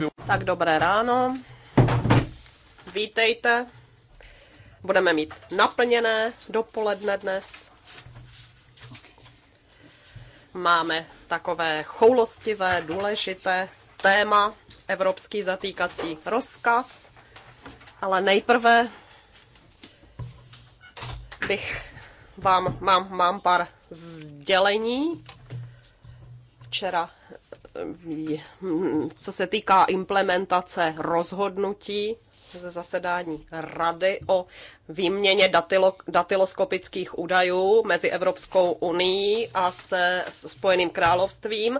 ¿no? Tak dobré ráno. Vítejte. Budeme mít naplněné dopoledne dnes. Máme takové choulostivé, důležité téma, evropský zatýkací rozkaz. Ale nejprve bych vám mám, mám pár sdělení. Včera, eh, co se týká implementace rozhodnutí ze zasedání Rady o výměně datilo, datiloskopických údajů mezi Evropskou unii a se Spojeným královstvím.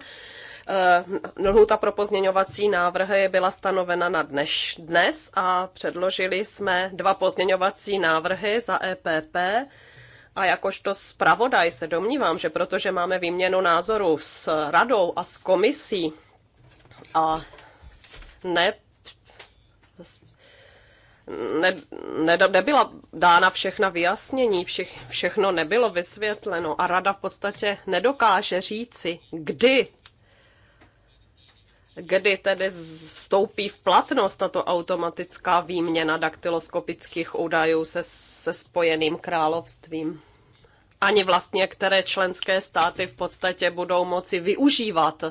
Eh, Lhuta pro pozměňovací návrhy byla stanovena na dneš, dnes a předložili jsme dva pozměňovací návrhy za EPP a jakožto zpravodaj se domnívám, že protože máme výměnu názorů s radou a s komisí a ne, ne, ne nebyla dána všechna vyjasnění, vše, všechno nebylo vysvětleno a rada v podstatě nedokáže říci, kdy kdy tedy vstoupí v platnost tato automatická výměna daktyloskopických údajů se, se spojeným královstvím. Ani vlastně, které členské státy v podstatě budou moci využívat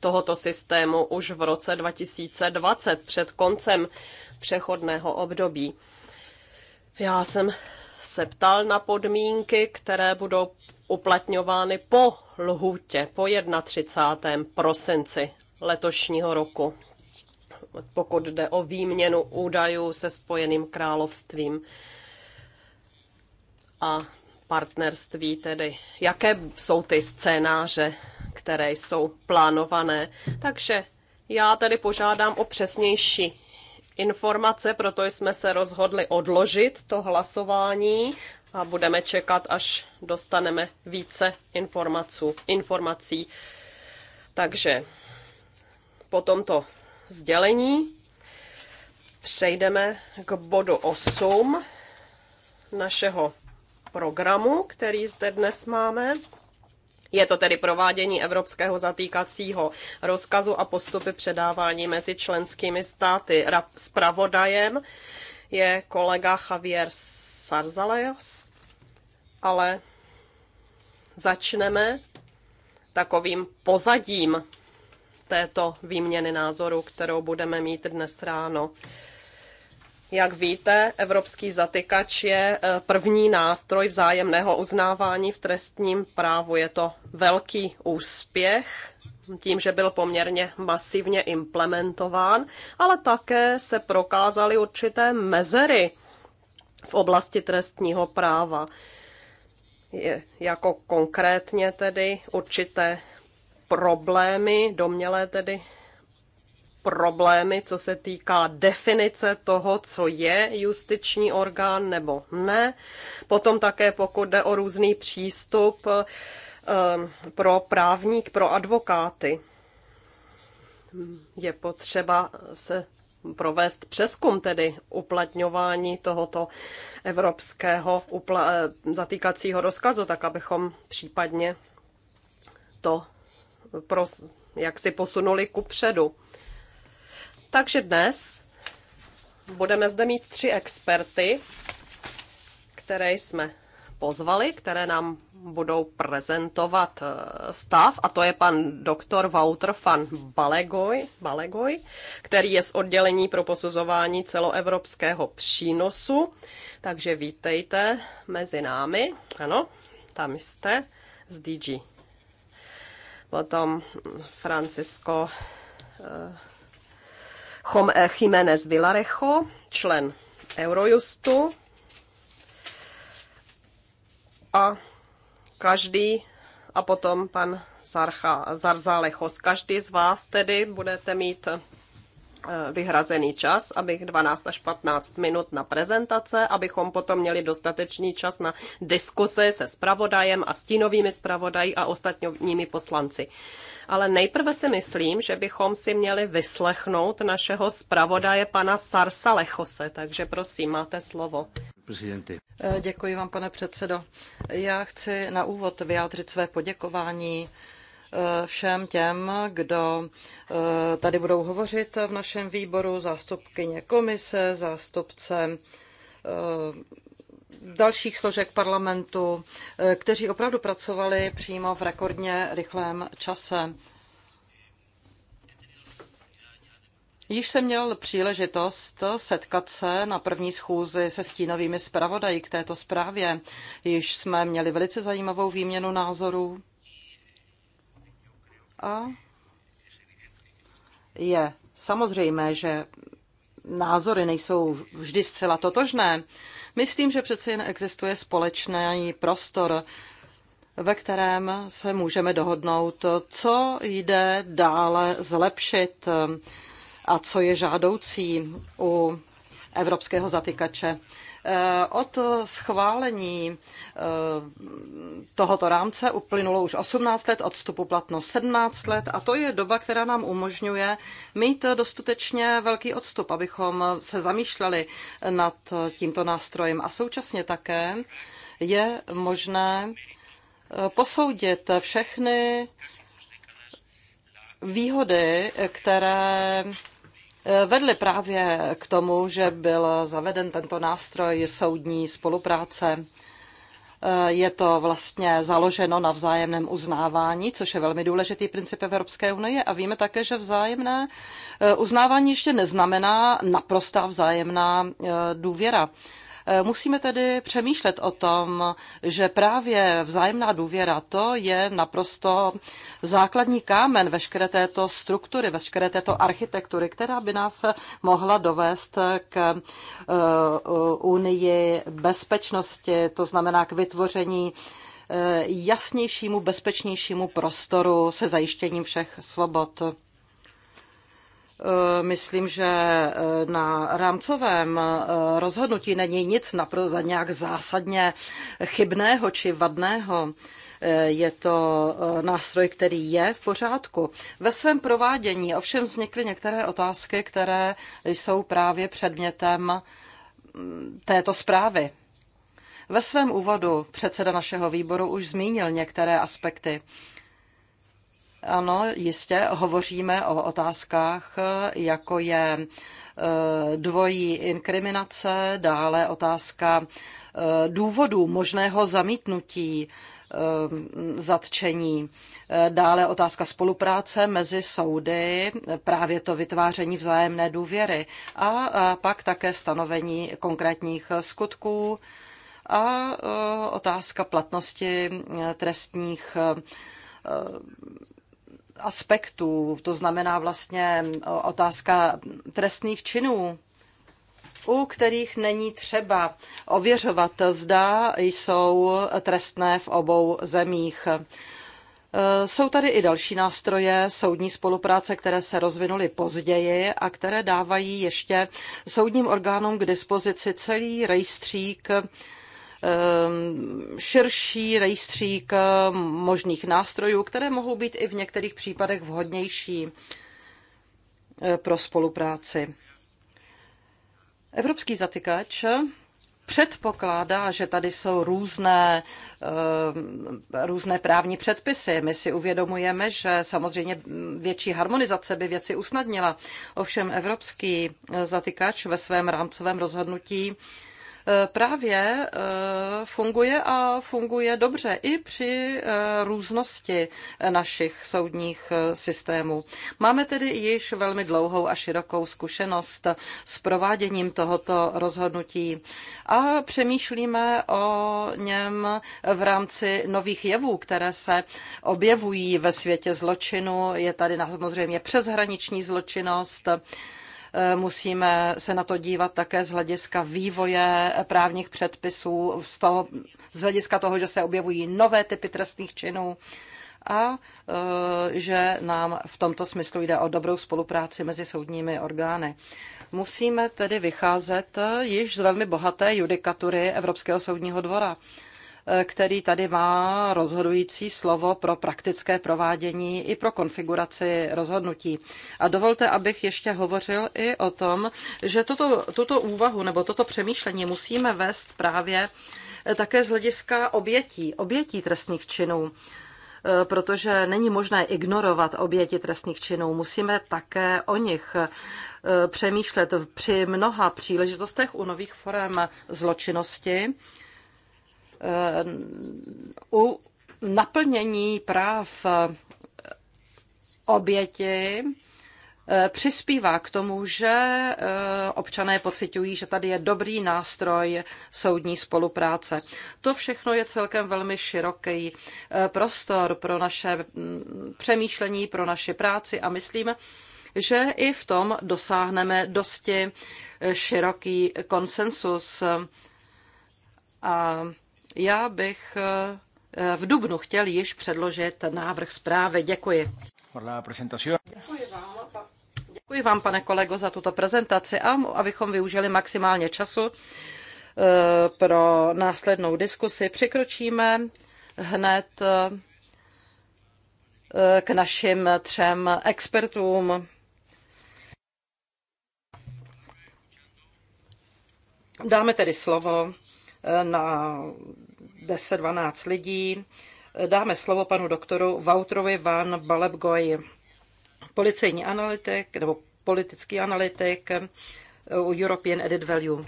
tohoto systému už v roce 2020 před koncem přechodného období. Já jsem se ptal na podmínky, které budou uplatňovány po lhůtě, po 31. prosinci letošního roku, pokud jde o výměnu údajů se Spojeným královstvím a partnerství tedy. Jaké jsou ty scénáře, které jsou plánované? Takže já tedy požádám o přesnější informace, proto jsme se rozhodli odložit to hlasování a budeme čekat, až dostaneme více informací. informací. Takže po tomto sdělení přejdeme k bodu 8 našeho programu, který zde dnes máme. Je to tedy provádění evropského zatýkacího rozkazu a postupy předávání mezi členskými státy. Spravodajem je kolega Javier Sarzalejos, ale začneme takovým pozadím této výměny názoru, kterou budeme mít dnes ráno. Jak víte, evropský zatykač je e, první nástroj vzájemného uznávání v trestním právu. Je to velký úspěch tím, že byl poměrně masivně implementován, ale také se prokázaly určité mezery v oblasti trestního práva. Je, jako konkrétně tedy určité problémy, domělé tedy problémy, co se týká definice toho, co je justiční orgán nebo ne. Potom také pokud jde o různý přístup ehm, pro právník, pro advokáty. Je potřeba se provést přeskum tedy uplatňování tohoto evropského e, zatýkacího rozkazu, tak abychom případně to pro, jak si posunuli ku předu. Takže dnes budeme zde mít tři experty, které jsme pozvali, které nám budou prezentovat eh, stav, a to je pan doktor Wouter van Balegoj, Balegoj, který je z oddělení pro posuzování celoevropského přínosu. Takže vítejte mezi námi. Ano, tam jste z DG potom Francisco eh, eh, Jiménez Villarejo, člen Eurojustu. A každý, a potom pan Zarcha, Zarzalechos, každý z vás tedy budete mít Eh, vyhrazený čas, abych 12 až 15 minut na prezentace, abychom potom měli dostatečný čas na diskuse se spravodajem a stínovými spravodají a ostatními poslanci. Ale nejprve si myslím, že bychom si měli vyslechnout našeho spravodaje pana Sarsa Lechose, takže prosím, máte slovo. Prezidenty. Eh, děkuji vám, pane předsedo. Já chci na úvod vyjádřit své poděkování všem těm, kdo eh, tady budou hovořit v našem výboru, zástupkyně komise, zástupce eh, dalších složek parlamentu, eh, kteří opravdu pracovali přímo v rekordně rychlém čase. Již jsem měl příležitost setkat se na první schůzi se stínovými zpravodaji k této zprávě. Již jsme měli velice zajímavou výměnu názorů. A je samozřejmé, že názory nejsou vždy zcela totožné. Myslím, že přece jen existuje společný prostor, ve kterém se můžeme dohodnout, co jde dále zlepšit a co je žádoucí u evropského zatykače. Eh, od schválení eh, tohoto rámce uplynulo už 18 let, od vstupu platno 17 let a to je doba, která nám umožňuje mít dostatečně velký odstup, abychom se zamýšleli nad tímto nástrojem a současně také je možné eh, posoudit všechny výhody, které vedly právě k tomu, že byl zaveden tento nástroj soudní spolupráce. Je to vlastně založeno na vzájemném uznávání, což je velmi důležitý princip Evropské unie a víme také, že vzájemné eh, uznávání ještě neznamená naprostá vzájemná eh, důvěra. Eh, musíme tedy přemýšlet o tom, že právě vzájemná důvěra to je naprosto základní kámen veškeré této struktury, veškeré této architektury, která by nás mohla dovést k eh, unii bezpečnosti, to znamená k vytvoření eh, jasnějšímu, bezpečnějšímu prostoru se zajištěním všech svobod. Eh, myslím, že eh, na rámcovém eh, rozhodnutí není nic naprosto nějak zásadně chybného či vadného je to nástroj, který je v pořádku. Ve svém provádění ovšem vznikly některé otázky, které jsou právě předmětem mm, této zprávy. Ve svém úvodu předseda našeho výboru už zmínil některé aspekty. Ano, jistě, hovoříme o otázkách, jako je e, dvojí inkriminace, dále otázka e, důvodu možného zamítnutí e, zatčení. Dále otázka spolupráce mezi soudy, právě to vytváření vzájemné důvěry a pak také stanovení konkrétních skutků a otázka platnosti trestních aspektů, to znamená vlastně eh, otázka trestných činů, u kterých není třeba ověřovat, zda jsou trestné v obou zemích. Eh, jsou tady i další nástroje soudní spolupráce, které se rozvinuly později a které dávají ještě soudním orgánům k dispozici celý rejstřík Ehm, širší rejstřík ehm, možných nástrojů, které mohou být i v některých případech vhodnější eh, pro spolupráci. Evropský zatykač předpokládá, že tady jsou různé, ehm, různé právní předpisy. My si uvědomujeme, že samozřejmě větší harmonizace by věci usnadnila. Ovšem Evropský zatykač ve svém rámcovém rozhodnutí E, právě e, funguje a funguje dobře i při e, různosti našich soudních systémů. Máme tedy již velmi dlouhou a širokou zkušenost s prováděním tohoto rozhodnutí a přemýšlíme o něm v rámci nových jevů, které se objevují ve světě zločinu. Je tady samozřejmě přeshraniční zločinnost, Eh, musíme se na to dívat také z hlediska vývoje právních předpisů, z, toho, z hlediska toho, že se objevují nové typy trestných činů a eh, že nám v tomto smyslu jde o dobrou spolupráci mezi soudními orgány. Musíme tedy vycházet eh, již z velmi bohaté judikatury Evropského soudního dvora Eh, který tady má rozhodující slovo pro praktické provádění i pro konfiguraci rozhodnutí. A dovolte, abych ještě hovořil i o tom, že toto, tuto úvahu nebo toto přemýšlení musíme vést právě eh, také z hlediska obětí, obětí trestných činů eh, protože není možné ignorovat oběti trestných činů. Musíme také o nich přemýšlet při mnoha příležitostech u nových forem zločinnosti Eh, u naplnění práv eh, oběti eh, přispívá k tomu, že občané pocitují, že tady je dobrý nástroj soudní spolupráce. To všechno je celkem velmi široký prostor pro naše mm, přemýšlení, pro naši práci a myslím, že i v tom dosáhneme dosti široký konsensus. A já bych eh, eh, v Dubnu chtěl již předložit návrh zprávy. Děkuji. Děkuji vám, Děkuji vám, pane kolego, za tuto prezentaci a abychom využili maximálně času eh, pro následnou diskusi, přikročíme hned k našim třem expertům. Dáme tedy slovo na 10-12 lidí. Dáme slovo panu doktoru Vautrovi van Balebgoj, policejní analytik nebo politický analytik u European Added Value.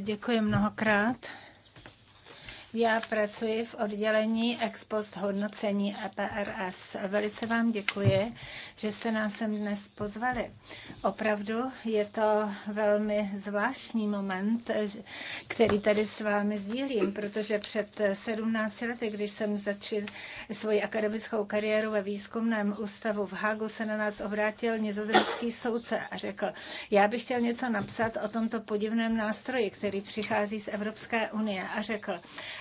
Děkuji mnohokrát. Já pracuji v oddělení ex post hodnocení EPRS. Velice vám děkuji, že jste nás sem dnes pozvali. Opravdu je to velmi zvláštní moment, který tady s vámi sdílím, protože před 17 lety, když jsem začal svoji akademickou kariéru ve výzkumném ústavu v Hagu, se na nás obrátil nizozemský soudce a řekl, já bych chtěl něco napsat o tomto podivném nástroji, který přichází z Evropské unie a řekl,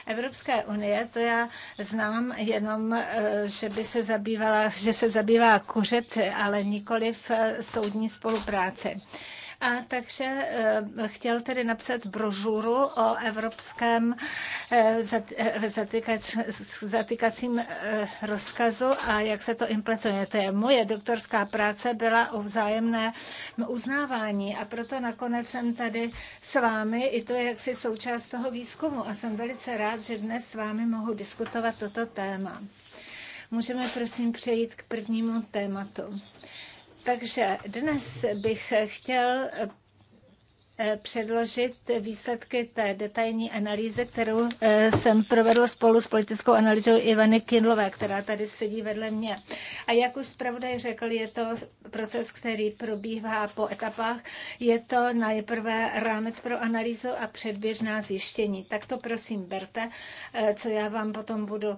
Evropské unie, to já znám jenom, eh, že by se zabývala, že se zabývá kuřety, ale nikoli v eh, soudní spolupráci. A takže eh, chtěl tedy napsat brožuru o evropském eh, eh, zatykač, zatykacím rozkazu a jak se to implementuje. To je moje doktorská práce, byla o vzájemné uznávání a proto nakonec jsem tady s vámi. I to je jaksi součást toho výzkumu a jsem velice rád, že dnes s vámi mohu diskutovat toto téma. Můžeme prosím přejít k prvnímu tématu. Takže dnes bych chtěl Eh, předložit výsledky té detailní analýzy, kterou eh, jsem provedla spolu s politickou analýzou Ivany Kindlové, která tady sedí vedle mě. A jak už zpravodaj řekl, je to proces, který probíhá po etapách. Je to nejprve rámec pro analýzu a předběžná zjištění. Tak to prosím berte, eh, co já vám potom budu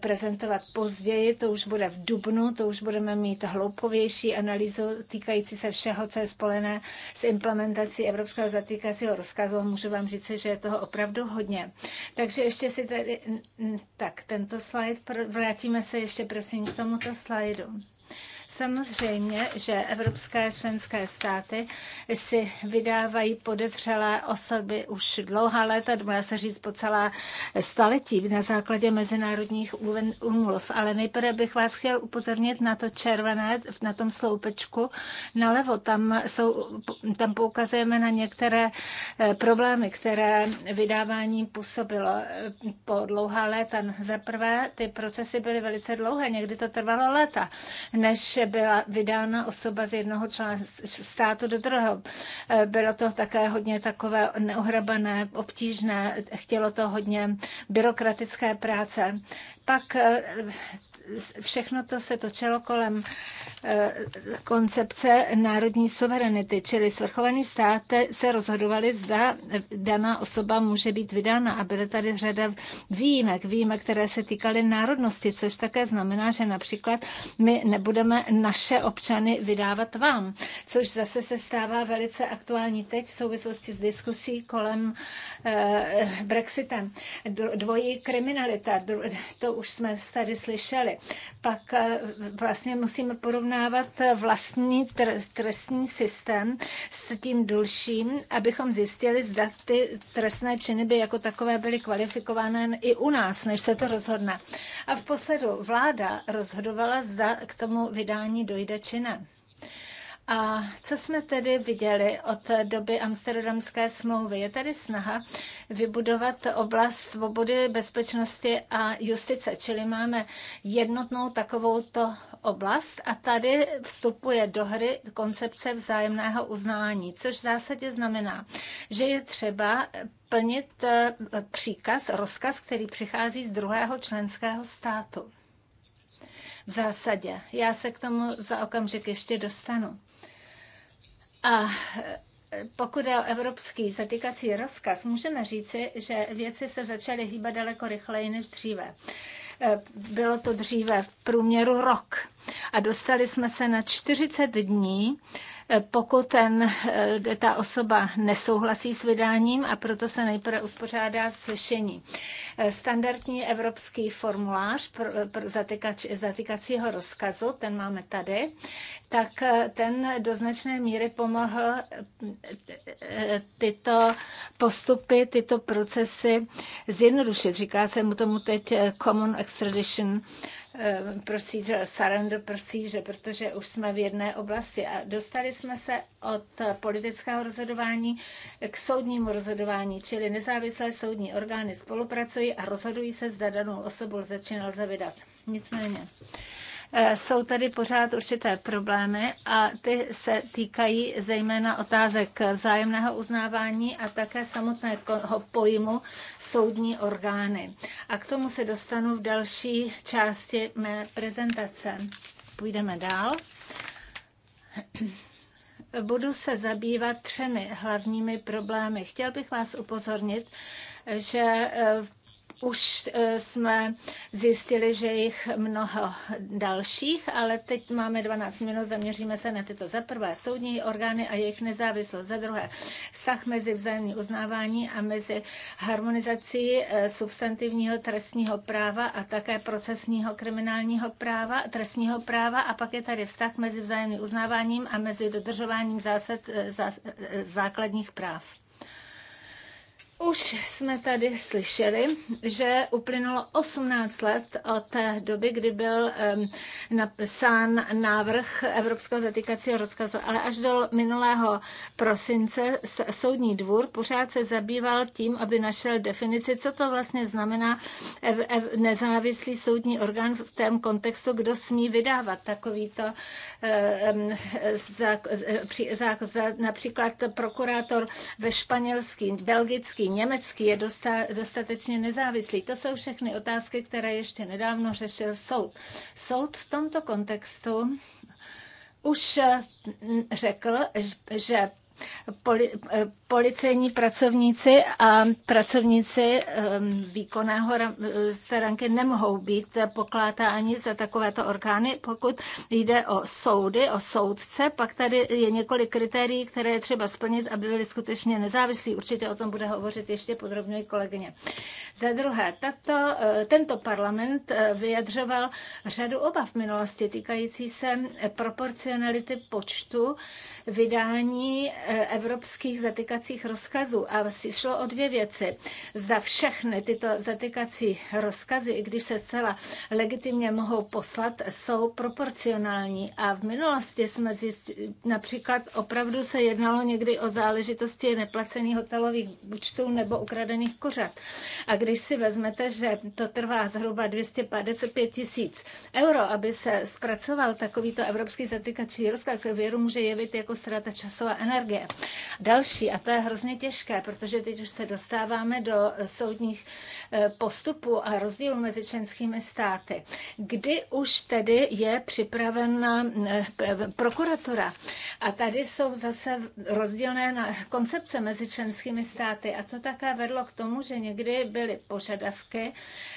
prezentovat později. To už bude v Dubnu, to už budeme mít hloupovější analýzu týkající se všeho, co je spolené s implementací Evropské zatýkacího rozkazu. Můžu vám říct, že je toho opravdu hodně. Takže ještě si tady, tak tento slide, vrátíme se ještě prosím k tomuto slajdu. Samozřejmě, že evropské členské státy si vydávají podezřelé osoby už dlouhá léta, dá se říct po celá staletí na základě mezinárodních úmluv. Ale nejprve bych vás chtěl upozornit na to červené, na tom sloupečku nalevo. Tam, jsou, tam poukazujeme na některé eh, problémy, které vydávání působilo eh, po dlouhá léta. Za prvé, ty procesy byly velice dlouhé, někdy to trvalo léta, než že byla vydána osoba z jednoho státu do druhého. Eh, Bylo to také hodně takové neohrabané, obtížné, chtělo to hodně byrokratické práce. Pak eh, všechno to se točilo kolem eh, koncepce národní suverenity, čili svrchovaný stát se rozhodovali, zda daná osoba může být vydána. A byly tady řada výjimek, výjimek, které se týkaly národnosti, což také znamená, že například my nebudeme naše občany vydávat vám, což zase se stává velice aktuální teď v souvislosti s diskusí kolem eh, Brexitem. Dvojí kriminalita, to už jsme tady slyšeli pak eh, vlastně musíme porovnávat vlastní trestní systém s tím dalším, abychom zjistili, zda ty trestné činy by jako takové byly kvalifikované i u nás, než se to rozhodne. A v posledu vláda rozhodovala, zda k tomu vydání dojde či ne. A co jsme tedy viděli od doby Amsterdamské smlouvy? Je tady snaha vybudovat oblast svobody, bezpečnosti a justice, čili máme jednotnou takovouto oblast a tady vstupuje do hry koncepce vzájemného uznání, což v zásadě znamená, že je třeba plnit eh, příkaz, rozkaz, který přichází z druhého členského státu. V zásadě. Já se k tomu za okamžik ještě dostanu. A eh, pokud je o evropský zatýkací rozkaz, můžeme říci, že věci se začaly hýbat daleko rychleji než dříve. Eh, bylo to dříve v průměru rok. A dostali jsme se na 40 dní, eh, pokud ten, eh, ta osoba nesouhlasí s vydáním a proto se nejprve uspořádá slyšení. Standardní evropský formulář pro, pro zatykač, zatykacího rozkazu, ten máme tady, tak ten do značné míry pomohl tyto postupy, tyto procesy zjednodušit. Říká se mu tomu teď Common extradition eh, procedure, surrender procedure, protože už jsme v jedné oblasti a dostali jsme se od politického rozhodování k soudnímu rozhodování, čili nezávislé soudní orgány spolupracují a rozhodují se, zda danou osobu lze či nelze vydat. Nicméně, Eh, jsou tady pořád určité problémy a ty se týkají zejména otázek vzájemného uznávání a také samotného pojmu soudní orgány. A k tomu se dostanu v další části mé prezentace. Půjdeme dál budu se zabývat třemi hlavními problémy. Chtěl bych vás upozornit, že eh, už eh, jsme zjistili, že jich mnoho dalších, ale teď máme 12 minut, zaměříme se na tyto. Za prvé soudní orgány a jejich nezávislost. Za druhé vztah mezi vzájemní uznávání a mezi harmonizací eh, substantivního trestního práva a také procesního kriminálního práva, trestního práva a pak je tady vztah mezi vzájemným uznáváním a mezi dodržováním zásad, eh, zá, základních práv. Už jsme tady slyšeli, že uplynulo 18 let od té doby, kdy byl um, napsán návrh Evropského zatýkacího rozkazu, ale až do minulého prosince soudní dvůr pořád se zabýval tím, aby našel definici, co to vlastně znamená nezávislý soudní orgán v tom kontextu, kdo smí vydávat takovýto um, zá, zá, například prokurátor ve španělským, belgickým německý je dostatečně nezávislý. To jsou všechny otázky, které ještě nedávno řešil soud. Soud v tomto kontextu už mm, řekl, že poli, eh, policejní pracovníci a pracovníci ehm, výkonného stranky eh, nemohou být pokládáni za takovéto orgány. Pokud jde o soudy, o soudce, pak tady je několik kritérií, které je třeba splnit, aby byli skutečně nezávislí. Určitě o tom bude hovořit ještě podrobněji kolegyně. Za druhé, tato, eh, tento parlament vyjadřoval řadu obav v minulosti týkající se proporcionality počtu vydání E, evropských zatykacích rozkazů a šlo o dvě věci. Za všechny tyto zatykací rozkazy, i když se zcela legitimně mohou poslat, jsou proporcionální. A v minulosti jsme zjistili, například opravdu se jednalo někdy o záležitosti neplacených hotelových účtů nebo ukradených kořat. A když si vezmete, že to trvá zhruba 255 tisíc euro, aby se zpracoval takovýto evropský zatykací rozkaz, věru může jevit jako strata času a energie je. Další, a to je hrozně těžké, protože teď už se dostáváme do soudních eh, postupů a rozdílů mezi členskými státy. Kdy už tedy je připravena eh, prokuratura? A tady jsou zase rozdílné koncepce mezi členskými státy a to také vedlo k tomu, že někdy byly požadavky,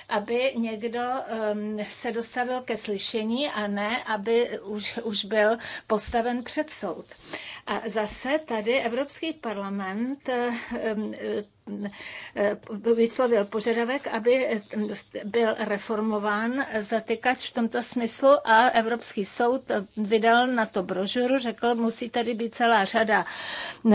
aby někdo ehm, se dostavil ke slyšení a ne, aby už, už byl postaven před soud. A zase tady Evropský parlament eh, Eh, vyslovil požadavek, aby byl reformován zatykač v tomto smyslu a Evropský soud vydal na to brožuru, řekl, musí tady být celá řada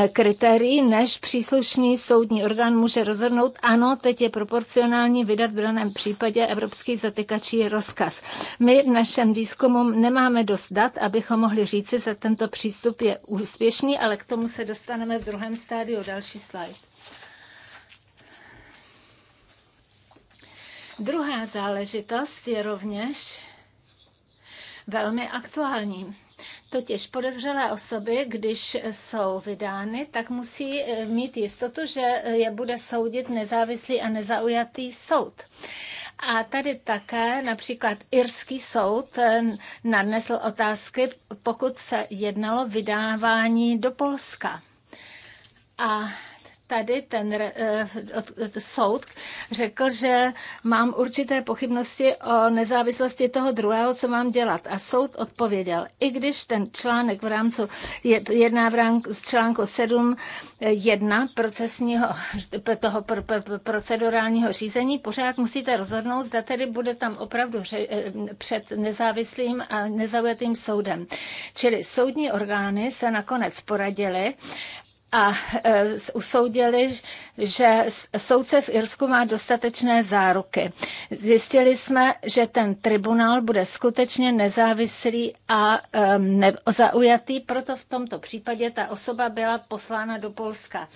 eh, kritérií, než příslušný soudní orgán může rozhodnout, ano, teď je proporcionální vydat v daném případě Evropský zatykačí rozkaz. My v našem výzkumu nemáme dost dat, abychom mohli říci, že tento přístup je úspěšný, ale k tomu se dostaneme v druhém stádiu. Další slide. Druhá záležitost je rovněž velmi aktuální. Totiž podezřelé osoby, když jsou vydány, tak musí eh, mít jistotu, že je bude soudit nezávislý a nezaujatý soud. A tady také například irský soud eh, nadnesl otázky, pokud se jednalo vydávání do Polska. A tady ten eh, soud řekl, že mám určité pochybnosti o nezávislosti toho druhého, co mám dělat. A soud odpověděl, i když ten článek v rámci jedná v rámci článku 7.1 eh, procesního toho procedurálního řízení, pořád musíte rozhodnout, zda tedy bude tam opravdu eh, před nezávislým a nezaujatým soudem. Čili soudní orgány se nakonec poradili a e, usoudili, že soudce v Irsku má dostatečné záruky. Zjistili jsme, že ten tribunál bude skutečně nezávislý a e, zaujatý, proto v tomto případě ta osoba byla poslána do Polska.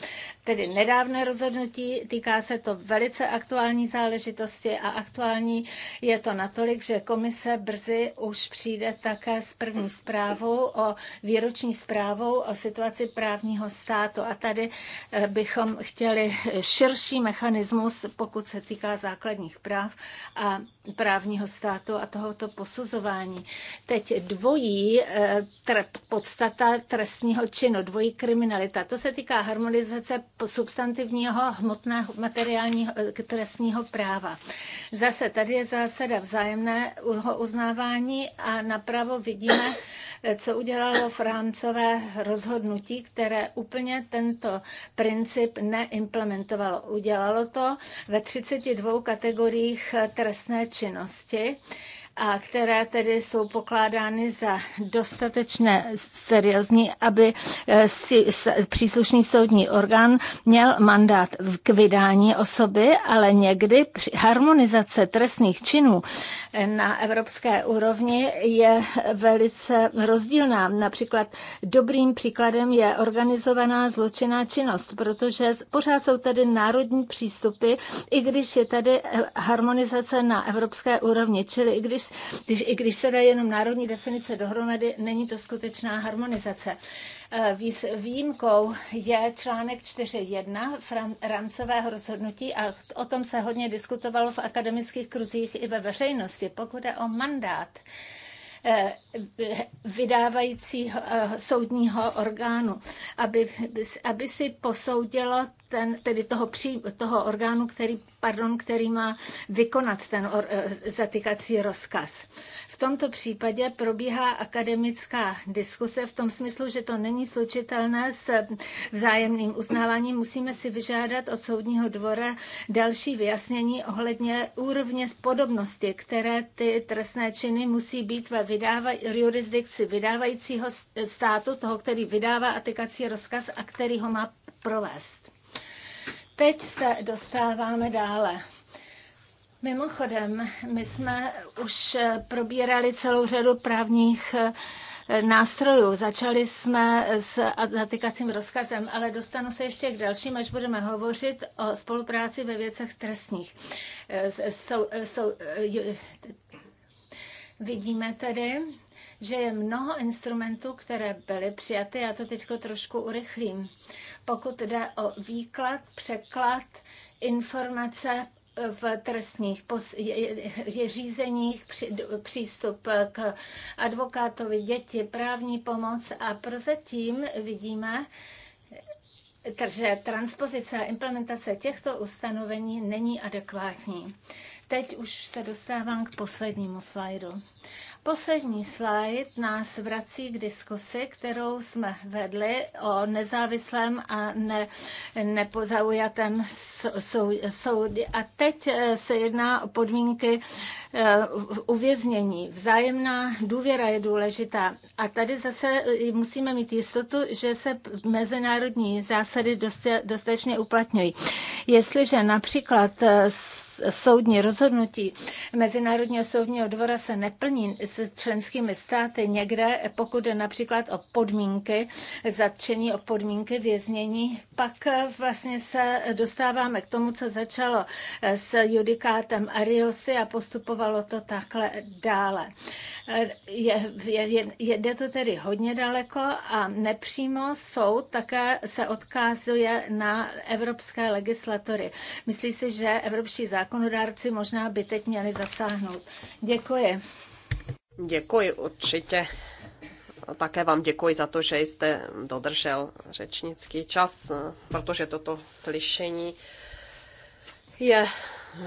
Tedy nedávné rozhodnutí, týká se to velice aktuální záležitosti a aktuální je to natolik, že komise brzy už přijde také s první zprávou o výroční zprávou o situaci právního státu státu. A tady eh, bychom chtěli širší mechanismus, pokud se týká základních práv a právního státu a tohoto posuzování. Teď dvojí eh, tr- podstata trestního činu, dvojí kriminalita. To se týká harmonizace substantivního hmotného materiálního eh, trestního práva. Zase tady je zásada vzájemného uznávání a napravo vidíme, co udělalo francové rozhodnutí, které úplně Británie tento princip neimplementovalo. Udělalo to ve 32 kategoriích trestné činnosti a které tedy jsou pokládány za dostatečně seriózní, aby eh, si příslušný soudní orgán měl mandát k vydání osoby, ale někdy harmonizace trestných činů eh, na evropské úrovni je velice rozdílná. Například dobrým příkladem je organizovaná zločinná činnost, protože pořád jsou tady národní přístupy, i když je tady eh, harmonizace na evropské úrovni, čili i když když, když, i když se dá jenom národní definice dohromady, není to skutečná harmonizace. Eh, výjimkou je článek 4.1 rámcového rozhodnutí a o tom se hodně diskutovalo v akademických kruzích i ve veřejnosti. Pokud je o mandát, eh, vydávajícího eh, soudního orgánu, aby, aby si posoudilo ten, tedy toho, pří, toho orgánu, který, pardon, který má vykonat ten or, eh, zatýkací rozkaz. V tomto případě probíhá akademická diskuse v tom smyslu, že to není slučitelné s vzájemným uznáváním. Musíme si vyžádat od soudního dvora další vyjasnění ohledně úrovně spodobnosti, které ty trestné činy musí být ve vydávají jurisdikci vydávajícího státu, toho, který vydává atikací rozkaz a který ho má provést. Teď se dostáváme dále. Mimochodem, my jsme už probírali celou řadu právních eh, nástrojů. Začali jsme s atikacím rozkazem, ale dostanu se ještě k dalším, až budeme hovořit o spolupráci ve věcech trestních. Eh, eh, jsou, jsou, vidíme tedy, že je mnoho instrumentů, které byly přijaty, já to teď trošku urychlím. Pokud jde o výklad, překlad, informace e, v trestních řízeních přístup k advokátovi, děti, právní pomoc a prozatím vidíme, takže e, transpozice a implementace těchto ustanovení není adekvátní. Teď už se dostávám k poslednímu slajdu. Poslední slide nás vrací k diskusi, kterou jsme vedli o nezávislém a ne, nepozaujatém soudě. Sou, a teď eh, se jedná o podmínky eh, uvěznění. Vzájemná důvěra je důležitá. A tady zase eh, musíme mít jistotu, že se mezinárodní zásady dostatečně uplatňují. Jestliže například soudní rozhodnutí Mezinárodního soudního dvora se neplní, s členskými státy někde, pokud jde například o podmínky zatčení, o podmínky věznění, pak eh, vlastně se dostáváme k tomu, co začalo eh, s judikátem Ariosy a postupovalo to takhle dále. Eh, je, je, je, jde to tedy hodně daleko a nepřímo soud také se odkazuje na evropské legislatory. Myslí si, že evropští zákonodárci možná by teď měli zasáhnout. Děkuji. Děkuji určitě. A také vám děkuji za to, že jste dodržel řečnický čas, protože toto slyšení je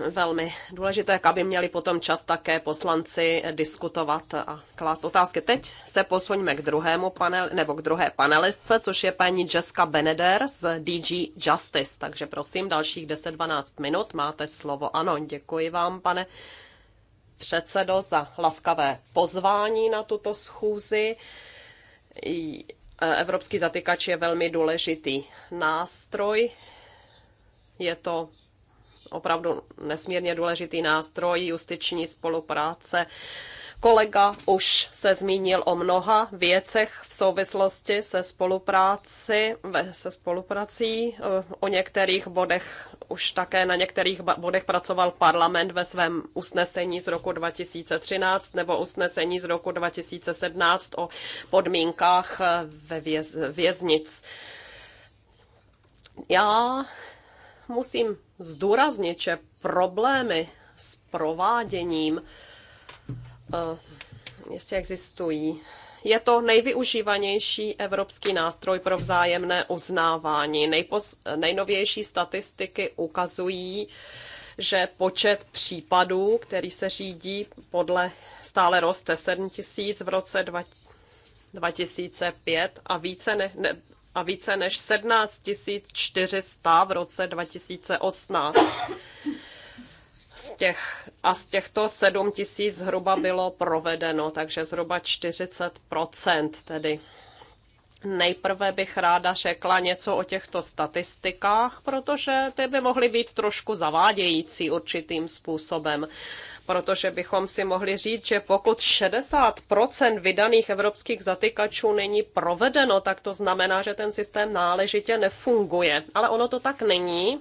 velmi důležité, aby měli potom čas také poslanci diskutovat a klást otázky. Teď se posuňme k druhému panel, nebo k druhé panelistce, což je paní Jessica Beneder z DG Justice. Takže prosím, dalších 10-12 minut máte slovo. Ano, děkuji vám, pane předsedo, za laskavé pozvání na tuto schůzi. E, evropský zatykač je velmi důležitý nástroj. Je to opravdu nesmírně důležitý nástroj justiční spolupráce Kolega už se zmínil o mnoha věcech v souvislosti se, spolupráci, se spoluprací. Eh, o některých bodech už také na některých bodech pracoval parlament ve svém usnesení z roku 2013 nebo usnesení z roku 2017 o podmínkách eh, ve věz, věznic. Já musím zdůraznit, že problémy s prováděním uh, Eh, ještě existují. Je to nejvyužívanější evropský nástroj pro vzájemné uznávání. Nejpoz, nejnovější statistiky ukazují, že počet případů, který se řídí podle stále roste 7 tisíc v roce 2005 a více, ne, ne, a více než 17 400 v roce 2018 z těch, a z těchto 7 tisíc zhruba bylo provedeno, takže zhruba 40 tedy. Nejprve bych ráda řekla něco o těchto statistikách, protože ty by mohly být trošku zavádějící určitým způsobem protože bychom si mohli říct, že pokud 60% vydaných evropských zatykačů není provedeno, tak to znamená, že ten systém náležitě nefunguje. Ale ono to tak není.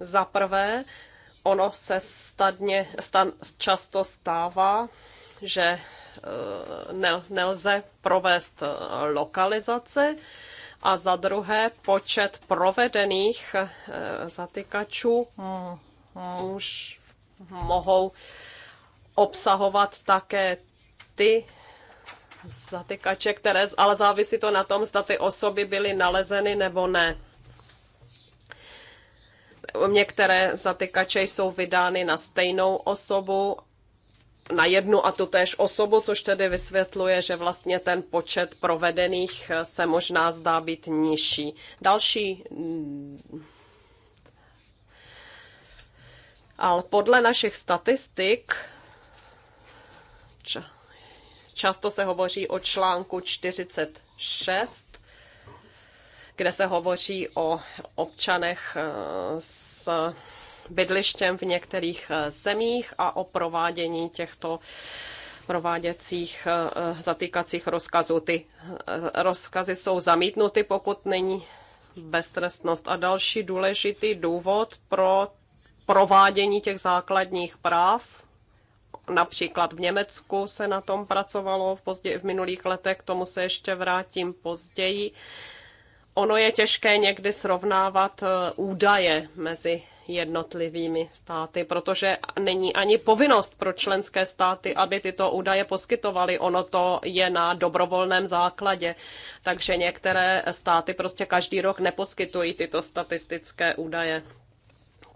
Za prvé, ono se stadně, stan, často stává, že e, ne, nelze provést e, lokalizaci a za druhé počet provedených e, zatykačů muž mohou obsahovat také ty zatykače, které, ale závisí to na tom, zda ty osoby byly nalezeny nebo ne. Některé zatykače jsou vydány na stejnou osobu, na jednu a tu též osobu, což tedy vysvětluje, že vlastně ten počet provedených eh, se možná zdá být nižší. Další mm, ale podle našich statistik často se hovoří o článku 46 kde se hovoří o občanech eh, s bydlištěm v některých eh, zemích a o provádění těchto prováděcích eh, zatýkacích rozkazů. Ty rozkazy jsou zamítnuty, pokud není beztrestnost. A další důležitý důvod pro provádění těch základních práv, například v Německu se na tom pracovalo v, pozdě, v minulých letech, k tomu se ještě vrátím později, ono je těžké někdy srovnávat eh, údaje mezi jednotlivými státy, protože není ani povinnost pro členské státy, aby tyto údaje poskytovaly. Ono to je na dobrovolném základě, takže některé státy prostě každý rok neposkytují tyto statistické údaje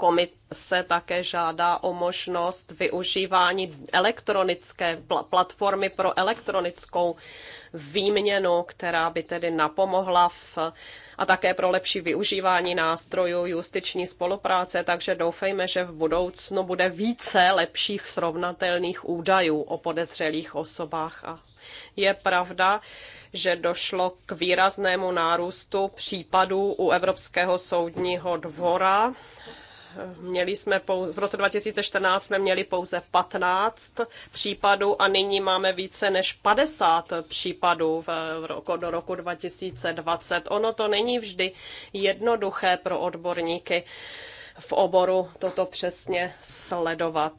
komise také žádá o možnost využívání elektronické pl- platformy pro elektronickou výměnu, která by tedy napomohla v, a také pro lepší využívání nástrojů justiční spolupráce, takže doufejme, že v budoucnu bude více lepších srovnatelných údajů o podezřelých osobách a je pravda, že došlo k výraznému nárůstu případů u Evropského soudního dvora měli jsme pouze, v roce 2014 jsme měli pouze 15 případů a nyní máme více než 50 případů v roku, do roku 2020. Ono to není vždy jednoduché pro odborníky v oboru toto přesně sledovat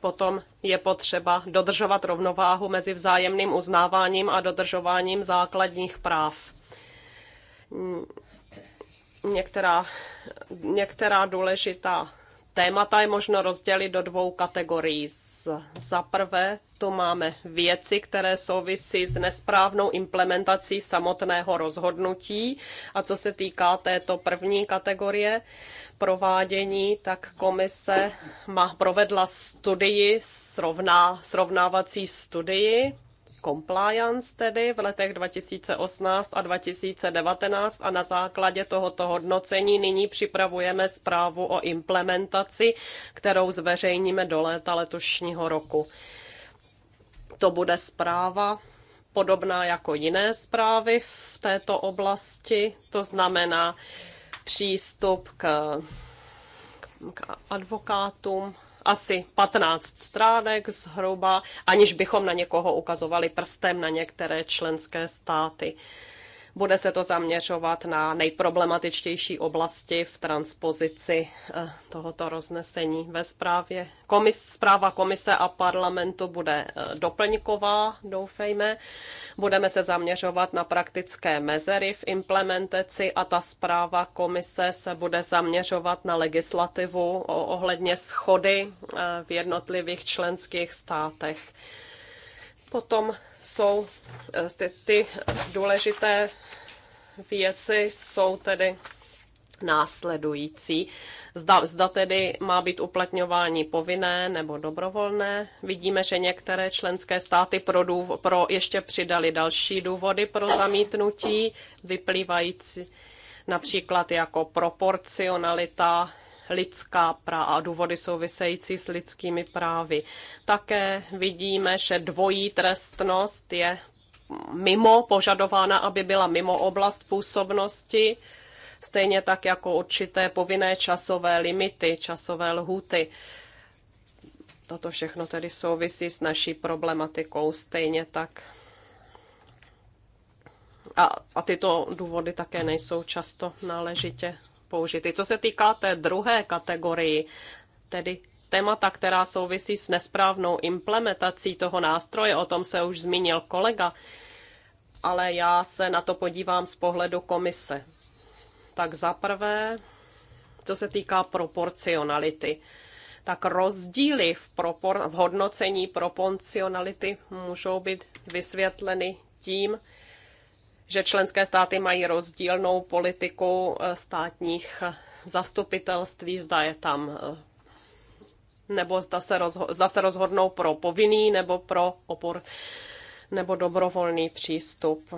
potom je potřeba dodržovat rovnováhu mezi vzájemným uznáváním a dodržováním základních práv některá, některá důležitá témata je možno rozdělit do dvou kategorií. Za prvé to máme věci, které souvisí s nesprávnou implementací samotného rozhodnutí. A co se týká této první kategorie provádění, tak komise má provedla studii, srovná, srovnávací studii compliance tedy v letech 2018 a 2019 a na základě tohoto hodnocení nyní připravujeme zprávu o implementaci, kterou zveřejníme do léta letošního roku. To bude zpráva podobná jako jiné zprávy v této oblasti, to znamená přístup k, k advokátům, asi 15 stránek zhruba, aniž bychom na někoho ukazovali prstem na některé členské státy. Bude se to zaměřovat na nejproblematičtější oblasti v transpozici eh, tohoto roznesení ve zprávě. Komis, zpráva komise a parlamentu bude eh, doplňková, doufejme. Budeme se zaměřovat na praktické mezery v implementaci a ta zpráva komise se bude zaměřovat na legislativu ohledně schody eh, v jednotlivých členských státech. Potom jsou eh, ty, ty důležité věci, jsou tedy následující. Zda, zda tedy má být uplatňování povinné nebo dobrovolné. Vidíme, že některé členské státy pro, dův, pro ještě přidali další důvody pro zamítnutí, vyplývající například jako proporcionalita lidská práva a důvody související s lidskými právy. Také vidíme, že dvojí trestnost je mimo, požadována, aby byla mimo oblast působnosti, stejně tak jako určité povinné časové limity, časové lhuty. Toto všechno tedy souvisí s naší problematikou, stejně tak. A, a tyto důvody také nejsou často náležitě použity. Co se týká té druhé kategorii, tedy témata, která souvisí s nesprávnou implementací toho nástroje, o tom se už zmínil kolega, ale já se na to podívám z pohledu komise. Tak zaprvé, co se týká proporcionality, tak rozdíly v, propor- v hodnocení proporcionality můžou být vysvětleny tím, že členské státy mají rozdílnou politiku eh, státních zastupitelství, zda je tam eh, nebo zda se, rozho- zda se rozhodnou pro povinný nebo pro opor nebo dobrovolný přístup.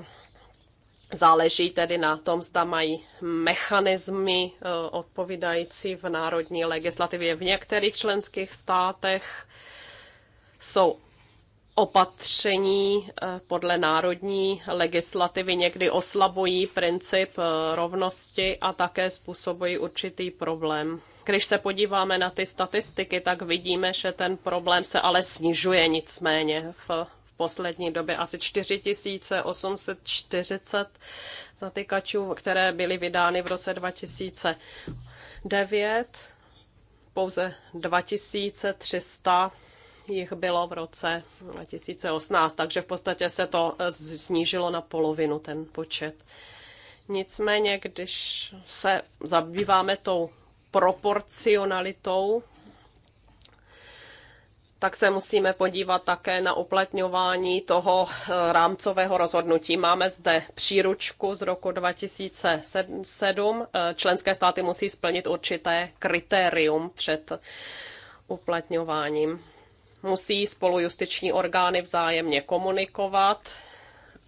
Záleží tedy na tom, zda mají mechanismy eh, odpovídající v národní legislativě. V některých členských státech jsou opatření eh, podle národní legislativy někdy oslabují princip eh, rovnosti a také způsobují určitý problém. Když se podíváme na ty statistiky, tak vidíme, že ten problém se ale snižuje nicméně v poslední době asi 4840 zatykačů, které byly vydány v roce 2009, pouze 2300 jich bylo v roce 2018, takže v podstatě se to eh, snížilo na polovinu ten počet. Nicméně, když se zabýváme tou proporcionalitou, tak se musíme podívat také na uplatňování toho eh, rámcového rozhodnutí. Máme zde příručku z roku 2007. Eh, členské státy musí splnit určité kritérium před uplatňováním. Musí spolu justiční orgány vzájemně komunikovat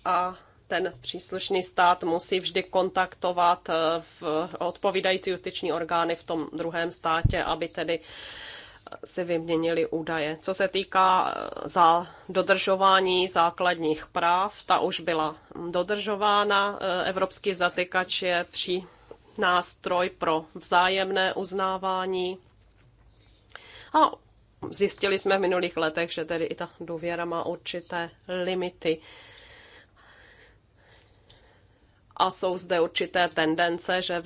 a ten příslušný stát musí vždy kontaktovat eh, v odpovídající justiční orgány v tom druhém státě, aby tedy eh, si vyměnili údaje. Co se týká eh, za dodržování základních práv, ta už byla dodržována. Evropský zatykač je při nástroj pro vzájemné uznávání a Zjistili jsme v minulých letech, že tedy i ta důvěra má určité limity. A jsou zde určité tendence, že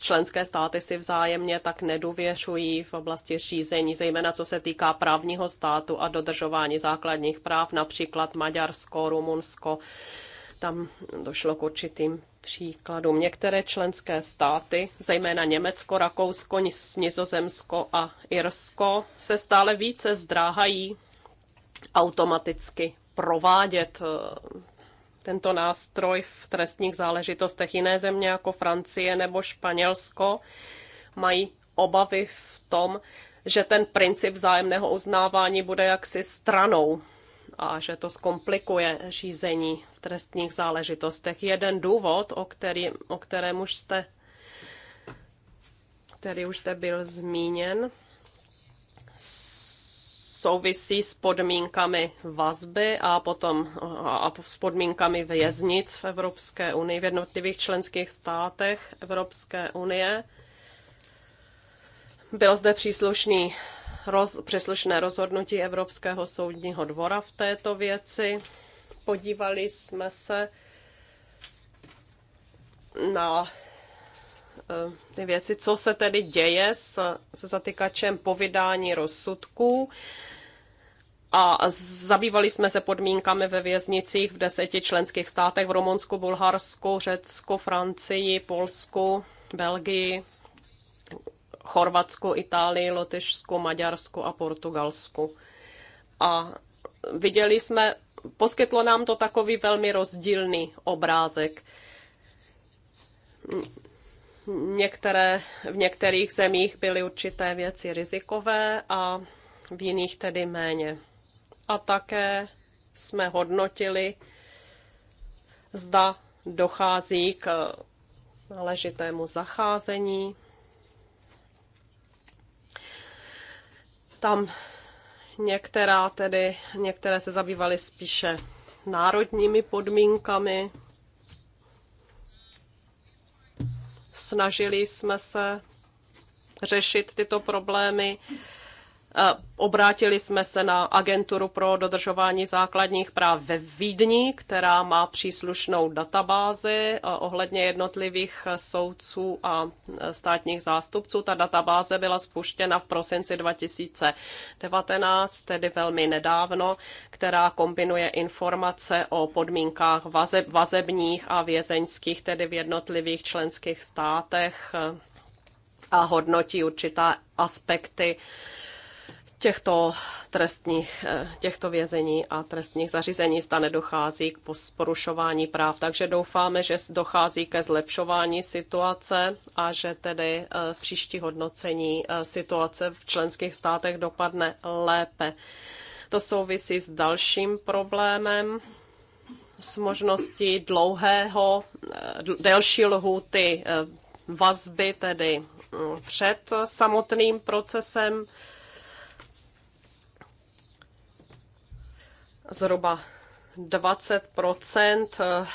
členské státy si vzájemně tak nedůvěřují v oblasti řízení, zejména co se týká právního státu a dodržování základních práv, například Maďarsko, Rumunsko. Tam došlo k určitým příkladům. Některé členské státy, zejména Německo, Rakousko, Nizozemsko a Irsko, se stále více zdráhají automaticky provádět eh, tento nástroj v trestních záležitostech. Jiné země jako Francie nebo Španělsko mají obavy v tom, že ten princip vzájemného uznávání bude jaksi stranou a že to zkomplikuje řízení v trestních záležitostech. Jeden důvod, o, který, o kterém už jste, který už jste byl zmíněn, souvisí s podmínkami vazby a potom a s podmínkami věznic v Evropské unii, v jednotlivých členských státech Evropské unie. Byl zde příslušný roz, příslušné rozhodnutí Evropského soudního dvora v této věci. Podívali jsme se na eh, ty věci, co se tedy děje s, se zatykačem po vydání rozsudků. A zabývali jsme se podmínkami ve věznicích v deseti členských státech v Rumunsku, Bulharsku, Řecku, Francii, Polsku, Belgii, Chorvatsko, Itálii, Lotyšsku, Maďarsku a Portugalsku. A viděli jsme, poskytlo nám to takový velmi rozdílný obrázek. Některé, v některých zemích byly určité věci rizikové a v jiných tedy méně. A také jsme hodnotili, zda dochází k náležitému zacházení Tam některá tedy, některé se zabývaly spíše národními podmínkami. Snažili jsme se řešit tyto problémy Eh, obrátili jsme se na agenturu pro dodržování základních práv ve Vídni, která má příslušnou databázi eh, ohledně jednotlivých soudců a eh, státních zástupců. Ta databáze byla spuštěna v prosinci 2019, tedy velmi nedávno, která kombinuje informace o podmínkách vaze, vazebních a vězeňských, tedy v jednotlivých členských státech a hodnotí určitá aspekty těchto trestních, eh, těchto vězení a trestních zařízení zda nedochází k porušování práv. Takže doufáme, že dochází ke zlepšování situace a že tedy v eh, příští hodnocení eh, situace v členských státech dopadne lépe. To souvisí s dalším problémem, s možností dlouhého, delší lhůty vazby, tedy mm, před samotným procesem Zhruba 20 eh,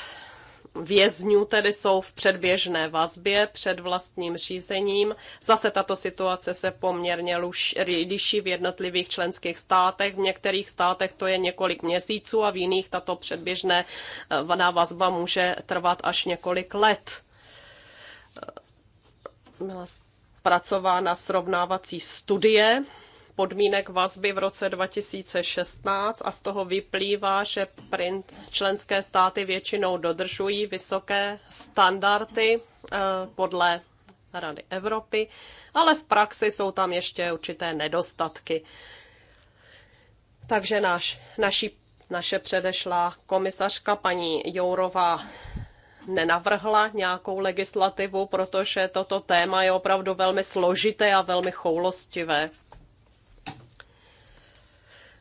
vězňů tedy jsou v předběžné vazbě před vlastním řízením. Zase tato situace se poměrně liší v jednotlivých členských státech. V některých státech to je několik měsíců a v jiných tato předběžné eh, vazba může trvat až několik let. Eh, byla zpracována srovnávací studie podmínek vazby v roce 2016 a z toho vyplývá, že print členské státy většinou dodržují vysoké standardy eh, podle Rady Evropy, ale v praxi jsou tam ještě určité nedostatky. Takže náš, naší, naše předešlá komisařka paní Jourová nenavrhla nějakou legislativu, protože toto téma je opravdu velmi složité a velmi choulostivé.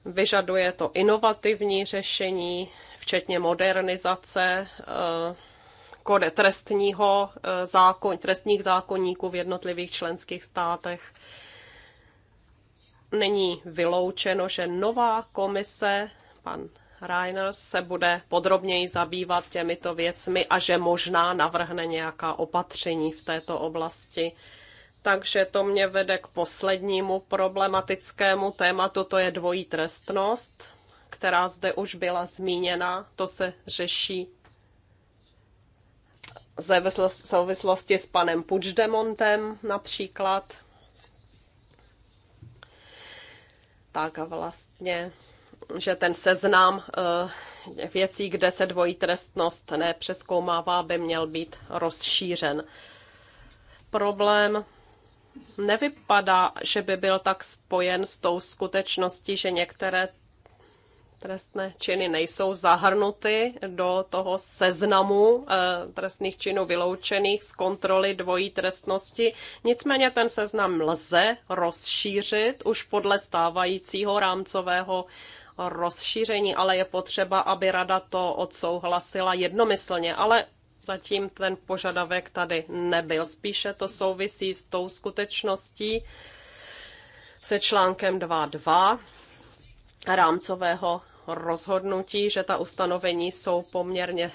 Vyžaduje to inovativní řešení, včetně modernizace eh, kode trestního eh, zákon, trestních zákonníků v jednotlivých členských státech. Není vyloučeno, že nová komise, pan Reiner, se bude podrobněji zabývat těmito věcmi a že možná navrhne nějaká opatření v této oblasti. Takže to mě vede k poslednímu problematickému tématu, to je dvojí trestnost, která zde už byla zmíněna. To se řeší ze souvislosti s panem Puigdemontem například. Tak a vlastně, že ten seznam eh, věcí, kde se dvojí trestnost nepřeskoumává, by měl být rozšířen. Problém nevypadá, že by byl tak spojen s tou skutečností, že některé trestné činy nejsou zahrnuty do toho seznamu eh, trestných činů vyloučených z kontroly dvojí trestnosti. Nicméně ten seznam lze rozšířit už podle stávajícího rámcového rozšíření, ale je potřeba, aby rada to odsouhlasila jednomyslně. Ale zatím ten požadavek tady nebyl. Spíše to souvisí s tou skutečností se článkem 2.2 rámcového rozhodnutí, že ta ustanovení jsou poměrně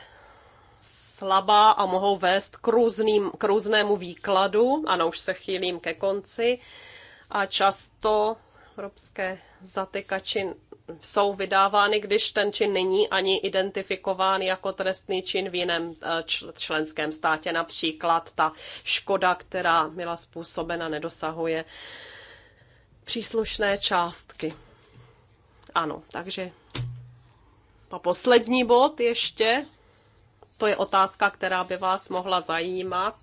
slabá a mohou vést k, různým, k různému výkladu. Ano, už se chýlím ke konci. A často evropské zatykači jsou vydávány, když ten čin není ani identifikován jako trestný čin v jiném eh, členském státě. Například ta škoda, která byla způsobena, nedosahuje příslušné částky. Ano, takže a poslední bod ještě, to je otázka, která by vás mohla zajímat.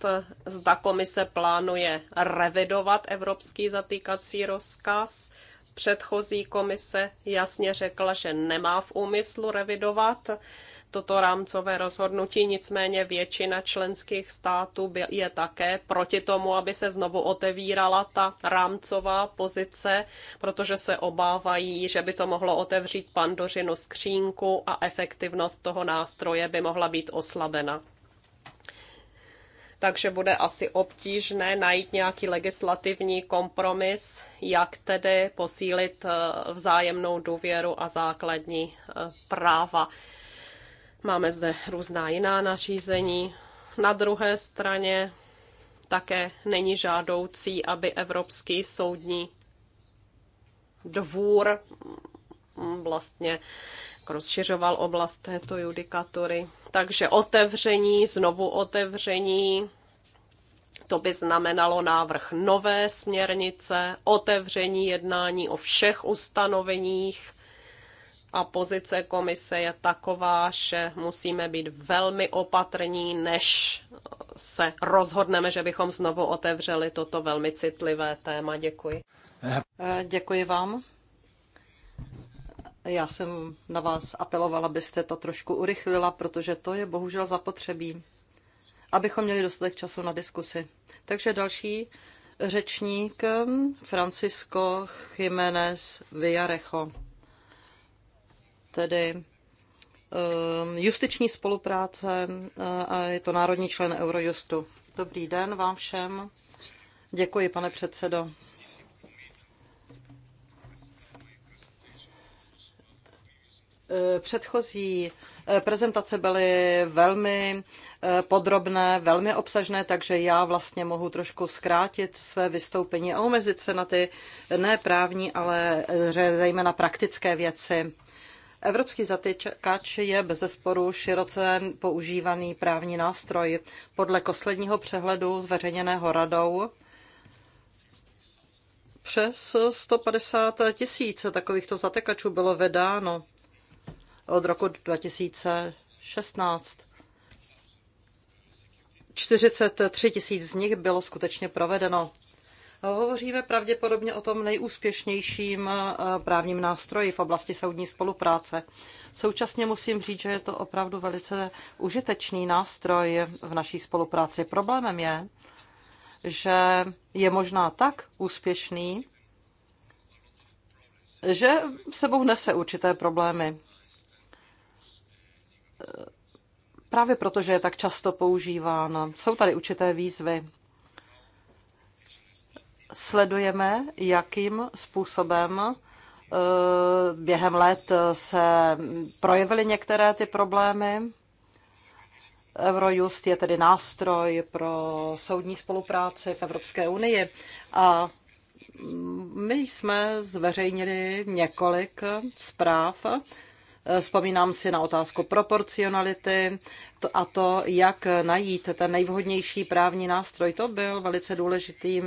Zda komise plánuje revidovat evropský zatýkací rozkaz předchozí komise jasně řekla, že nemá v úmyslu revidovat toto rámcové rozhodnutí, nicméně většina členských států je také proti tomu, aby se znovu otevírala ta rámcová pozice, protože se obávají, že by to mohlo otevřít pandořinu skřínku a efektivnost toho nástroje by mohla být oslabena takže bude asi obtížné najít nějaký legislativní kompromis, jak tedy posílit eh, vzájemnou důvěru a základní eh, práva. Máme zde různá jiná nařízení. Na druhé straně také není žádoucí, aby Evropský soudní dvůr mm, vlastně rozšiřoval oblast této judikatury. Takže otevření, znovu otevření, to by znamenalo návrh nové směrnice, otevření jednání o všech ustanoveních a pozice komise je taková, že musíme být velmi opatrní, než se rozhodneme, že bychom znovu otevřeli toto velmi citlivé téma. Děkuji. Děkuji vám. Já jsem na vás apelovala, abyste to trošku urychlila, protože to je bohužel zapotřebí, abychom měli dostatek času na diskusi. Takže další řečník Francisco Jiménez Villarejo, tedy um, justiční spolupráce uh, a je to národní člen Eurojustu. Dobrý den vám všem. Děkuji, pane předsedo. Eh, předchozí eh, prezentace byly velmi eh, podrobné, velmi obsažné, takže já vlastně mohu trošku zkrátit své vystoupení a omezit se na ty ne právní, ale zejména praktické věci. Evropský zatykač je bez zesporu široce používaný právní nástroj. Podle posledního přehledu zveřejněného radou přes 150 tisíc takovýchto zatekačů bylo vydáno od roku 2016. 43 tisíc z nich bylo skutečně provedeno. Hovoříme pravděpodobně o tom nejúspěšnějším eh, právním nástroji v oblasti soudní spolupráce. Současně musím říct, že je to opravdu velice užitečný nástroj v naší spolupráci. Problémem je, že je možná tak úspěšný, že sebou nese určité problémy právě protože je tak často používána. Jsou tady určité výzvy. Sledujeme, jakým způsobem e, během let se projevily některé ty problémy. Eurojust je tedy nástroj pro soudní spolupráci v Evropské unii a my jsme zveřejnili několik zpráv Eh, vzpomínám si na otázku proporcionality a to, jak najít ten nejvhodnější právní nástroj. To byl velice důležitý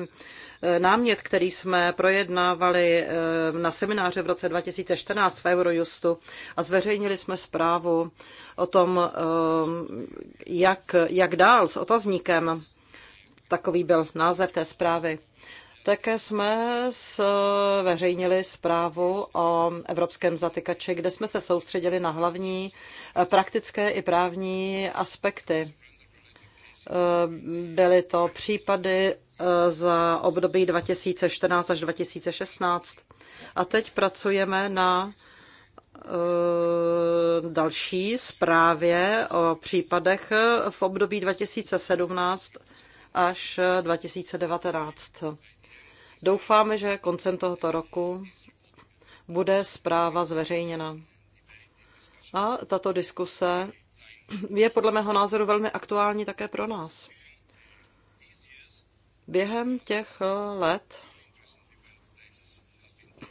eh, námět, který jsme projednávali eh, na semináře v roce 2014 v Eurojustu a zveřejnili jsme zprávu o tom, jak, jak dál s otazníkem. Takový byl název té zprávy. Také jsme zveřejnili eh, zprávu o evropském zatykači, kde jsme se soustředili na hlavní eh, praktické i právní aspekty. Eh, byly to případy za období 2014 až 2016. A teď pracujeme na další zprávě o případech v období 2017 až 2019. Doufáme, že koncem tohoto roku bude zpráva zveřejněna. A tato diskuse je podle mého názoru velmi aktuální také pro nás. Během těch eh, let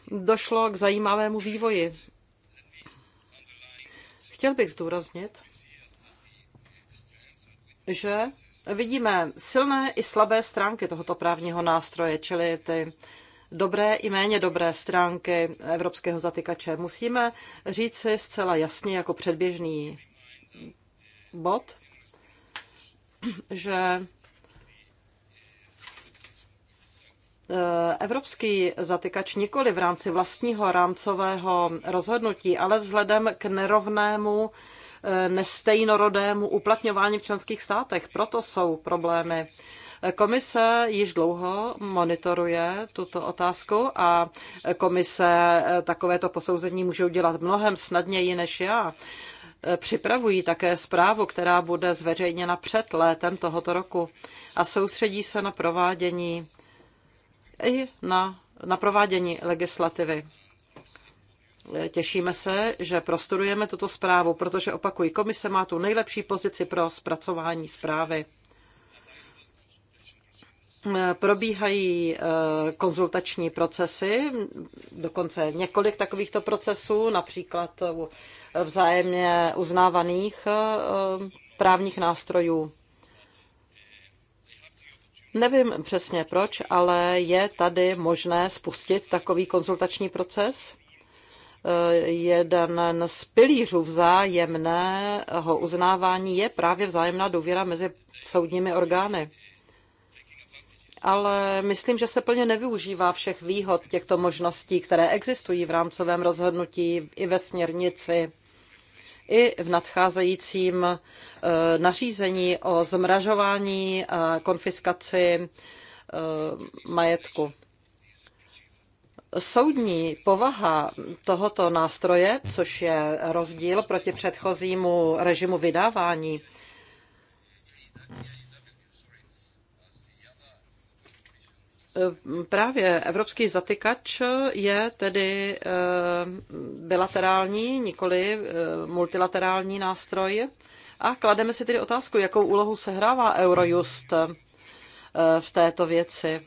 došlo k zajímavému vývoji. Chtěl bych zdůraznit, že vidíme silné i slabé stránky tohoto právního nástroje, čili ty dobré i méně dobré stránky evropského zatykače. Musíme říct si zcela jasně jako předběžný bod, že e, Evropský zatykač nikoli v rámci vlastního rámcového rozhodnutí, ale vzhledem k nerovnému nestejnorodému uplatňování v členských státech. Proto jsou problémy. Komise již dlouho monitoruje tuto otázku a komise takovéto posouzení může udělat mnohem snadněji než já. Připravují také zprávu, která bude zveřejněna před létem tohoto roku a soustředí se na provádění i na, na provádění legislativy. Těšíme se, že prostudujeme tuto zprávu, protože opakují, komise má tu nejlepší pozici pro zpracování zprávy. Probíhají eh, konzultační procesy, dokonce několik takovýchto procesů, například vzájemně uznávaných eh, právních nástrojů. Nevím přesně proč, ale je tady možné spustit takový konzultační proces jeden z pilířů vzájemného uznávání je právě vzájemná důvěra mezi soudními orgány. Ale myslím, že se plně nevyužívá všech výhod těchto možností, které existují v rámcovém rozhodnutí i ve směrnici i v nadcházejícím eh, nařízení o zmražování a konfiskaci eh, majetku soudní povaha tohoto nástroje, což je rozdíl proti předchozímu režimu vydávání, Právě evropský zatykač je tedy eh, bilaterální, nikoli eh, multilaterální nástroj. A klademe si tedy otázku, jakou úlohu sehrává Eurojust eh, v této věci.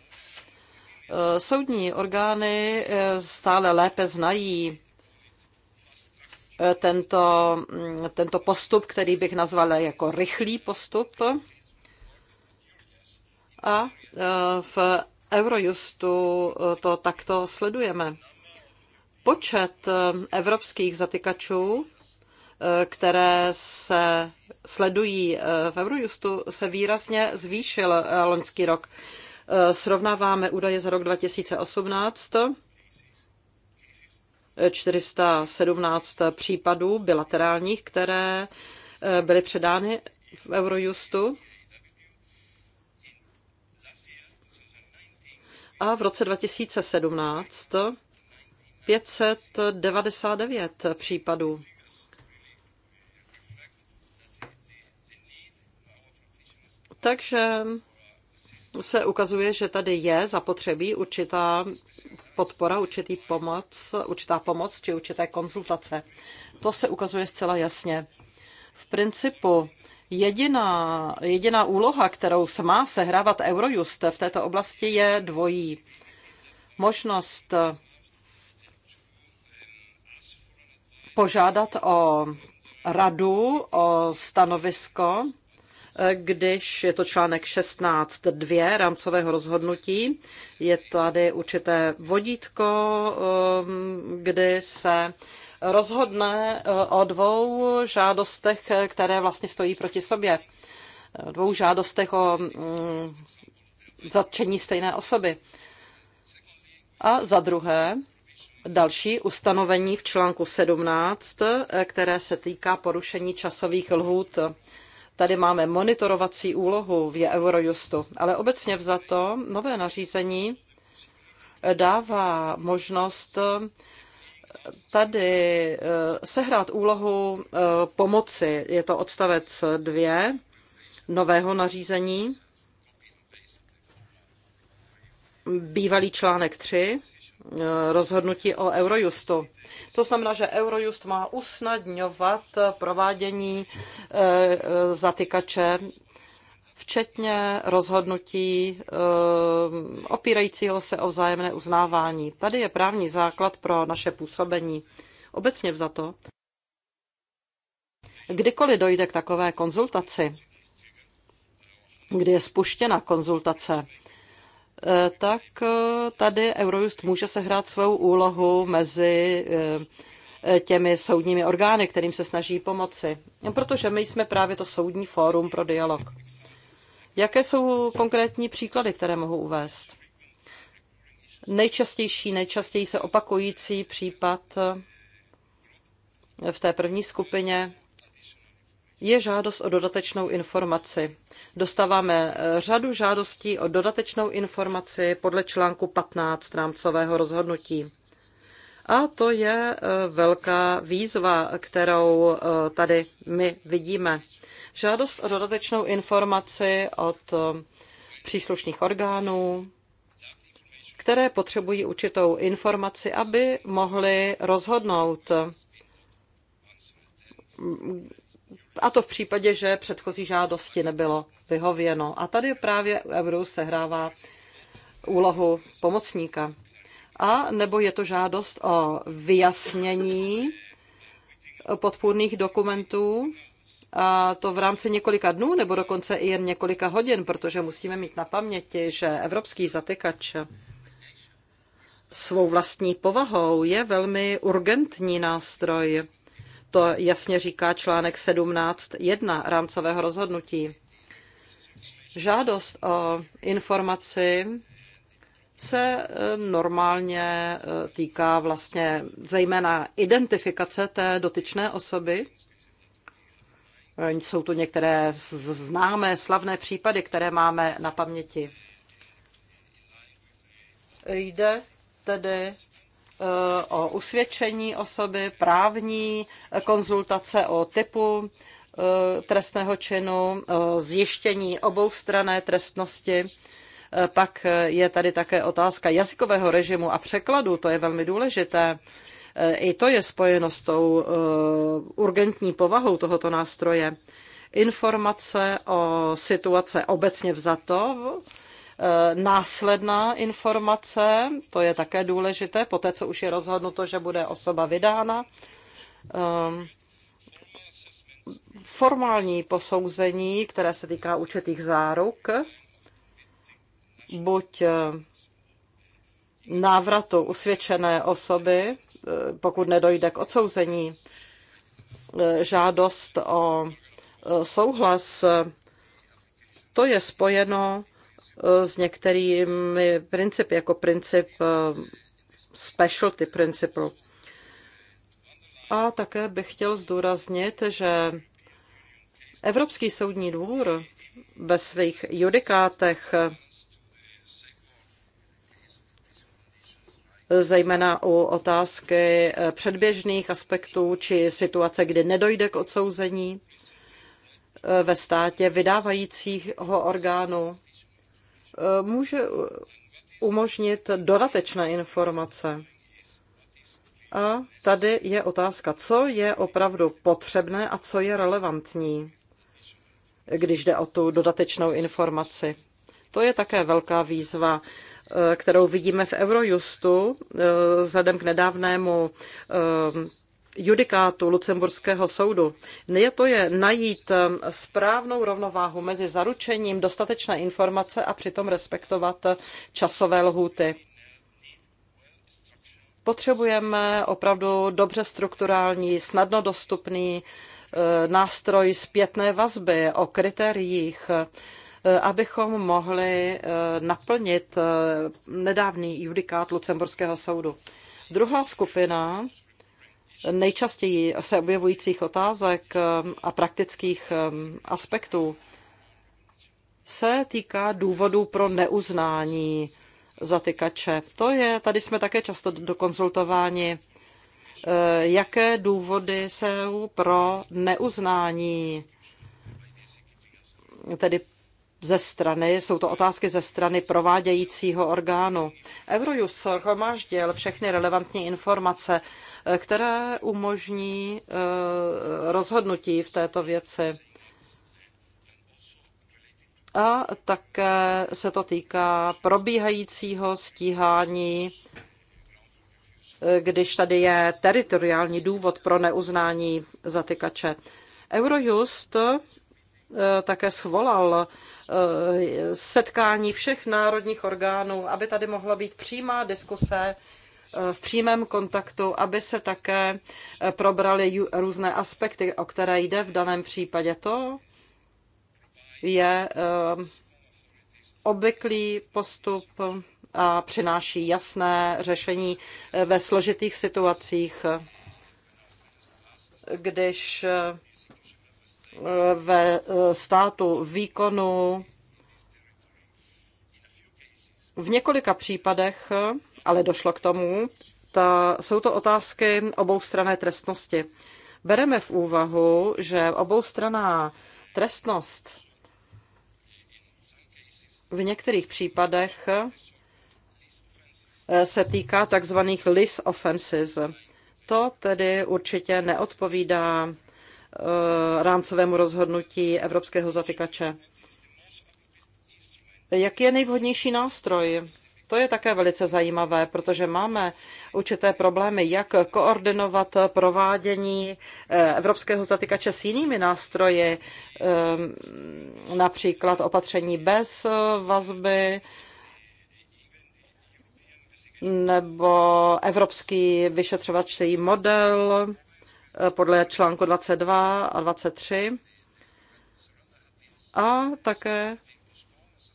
Eh, soudní orgány eh, stále lépe znají eh, tento, mm, tento postup, který bych nazvala jako rychlý postup. A v Eurojustu to takto sledujeme. Počet evropských zatykačů, které se sledují v Eurojustu, se výrazně zvýšil loňský rok. Eh, srovnáváme údaje za rok 2018. 417 eh, případů bilaterálních, které eh, byly předány v Eurojustu. A v roce 2017 599 případů. Takže se ukazuje, že tady je zapotřebí určitá podpora, určitý pomoc, určitá pomoc či určité konzultace. To se ukazuje zcela jasně. V principu jediná, jediná úloha, kterou se má sehrávat Eurojust v této oblasti, je dvojí. Možnost požádat o radu, o stanovisko když je to článek 16.2 rámcového rozhodnutí, je tady určité vodítko, um, kdy se rozhodne uh, o dvou žádostech, které vlastně stojí proti sobě. Dvou žádostech o mm, zatčení stejné osoby. A za druhé, další ustanovení v článku 17, které se týká porušení časových lhůt. Tady máme monitorovací úlohu v Eurojustu, ale obecně vzato nové nařízení dává možnost eh, tady eh, sehrát úlohu eh, pomoci. Je to odstavec 2 nového nařízení, bývalý článek 3 Eh, rozhodnutí o Eurojustu. To znamená, že Eurojust má usnadňovat provádění eh, eh, zatykače, včetně rozhodnutí opírajícího se o vzájemné uznávání. Tady je právní základ pro naše působení. Obecně vzato, kdykoliv dojde k takové konzultaci, kdy je spuštěna konzultace Eh, tak eh, tady Eurojust může sehrát svou úlohu mezi eh, těmi soudními orgány, kterým se snaží pomoci. No, protože my jsme právě to soudní fórum pro dialog. Jaké jsou konkrétní příklady, které mohu uvést? Nejčastější, nejčastěji se opakující případ v té první skupině je žádost o dodatečnou informaci. Dostáváme eh, řadu žádostí o dodatečnou informaci podle článku 15 rámcového rozhodnutí. A to je eh, velká výzva, kterou eh, tady my vidíme. Žádost o dodatečnou informaci od příslušných orgánů, které potřebují určitou informaci, aby mohli rozhodnout, a to v případě, že předchozí žádosti nebylo vyhověno. A tady právě Euro sehrává úlohu pomocníka. A nebo je to žádost o vyjasnění podpůrných dokumentů, a to v rámci několika dnů nebo dokonce i jen několika hodin, protože musíme mít na paměti, že evropský zatykač svou vlastní povahou je velmi urgentní nástroj to jasně říká článek 17.1 rámcového rozhodnutí. Žádost o informaci se eh, normálně eh, týká vlastně zejména identifikace té dotyčné osoby. Eh, jsou tu některé známé, slavné případy, které máme na paměti. Jde tedy o usvědčení osoby, právní konzultace o typu e, trestného činu, e, zjištění obou strané trestnosti. E, pak je tady také otázka jazykového režimu a překladu, to je velmi důležité. I to je spojeno s tou urgentní povahou tohoto nástroje. Informace o situace obecně vzato Eh, následná informace, to je také důležité, po té, co už je rozhodnuto, že bude osoba vydána. Ehm, formální posouzení, které se týká určitých záruk, buď eh, návratu usvědčené osoby, eh, pokud nedojde k odsouzení, žádost o souhlas, to je spojeno Eh, s některými principy, jako princip eh, specialty principle. A také bych chtěl zdůraznit, že Evropský soudní dvůr ve svých judikátech, zejména u otázky eh, předběžných aspektů či situace, kdy nedojde k odsouzení ve státě vydávajícího orgánu, může umožnit dodatečné informace. A tady je otázka, co je opravdu potřebné a co je relevantní, když jde o tu dodatečnou informaci. To je také velká výzva, eh, kterou vidíme v Eurojustu eh, vzhledem k nedávnému eh, judikátu Lucemburského soudu. Je to je najít um, správnou rovnováhu mezi zaručením dostatečné informace a přitom respektovat uh, časové lhůty. Potřebujeme opravdu dobře strukturální, snadno dostupný uh, nástroj zpětné vazby o kritériích, uh, abychom mohli naplnit nedávný judikát Lucemburského soudu. Druhá skupina nejčastěji se objevujících otázek um, a praktických um, aspektů se týká důvodů pro neuznání zatykače. To je, tady jsme také často dokonzultováni, uh, jaké důvody jsou pro neuznání, tedy ze strany, jsou to otázky ze strany provádějícího orgánu. Eurojust shromáždil všechny relevantní informace které umožní eh, rozhodnutí v této věci. A také se to týká probíhajícího stíhání, eh, když tady je teritoriální důvod pro neuznání zatykače. Eurojust eh, také schvolal setkání všech národních orgánů, aby tady mohla být přímá diskuse v přímém kontaktu, aby se také eh, probraly různé aspekty, o které jde v daném případě. To je eh, obvyklý postup a přináší jasné řešení eh, ve složitých situacích, když ve státu výkonu v několika případech ale došlo k tomu. Ta, jsou to otázky strané trestnosti. Bereme v úvahu, že straná trestnost v některých případech eh, se týká takzvaných lis offenses. To tedy určitě neodpovídá eh, rámcovému rozhodnutí evropského zatykače. Jak je nejvhodnější nástroj? To je také velice zajímavé, protože máme určité problémy, jak koordinovat provádění eh, evropského zatykače s jinými nástroji, eh, například opatření bez eh, vazby, nebo evropský vyšetřovací model podle článku 22 a 23 a také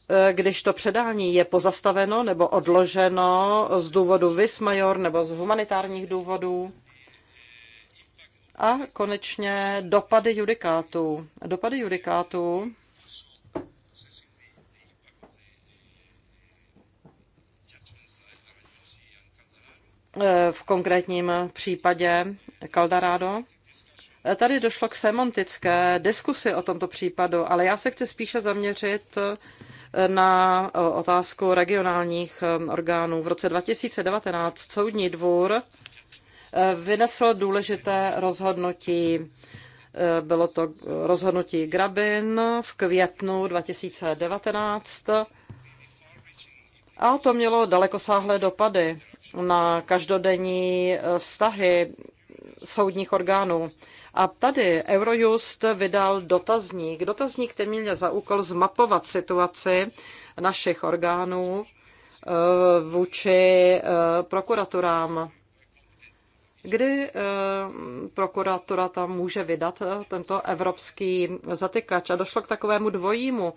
Eh, když to předání je pozastaveno nebo odloženo z důvodu vis major nebo z humanitárních důvodů. A konečně dopady judikátů. Dopady judikátů eh, v konkrétním případě Caldarado. Eh, tady došlo k semantické diskusi o tomto případu, ale já se chci spíše zaměřit na otázku regionálních um, orgánů. V roce 2019 Soudní dvůr uh, vynesl důležité rozhodnutí. Uh, bylo to rozhodnutí Grabin v květnu 2019 a to mělo dalekosáhlé dopady na každodenní uh, vztahy soudních orgánů. A tady Eurojust vydal dotazník. Dotazník, který měl za úkol zmapovat situaci našich orgánů eh, vůči eh, prokuraturám kdy eh, prokuratura tam může vydat tento evropský zatykač. A došlo k takovému dvojímu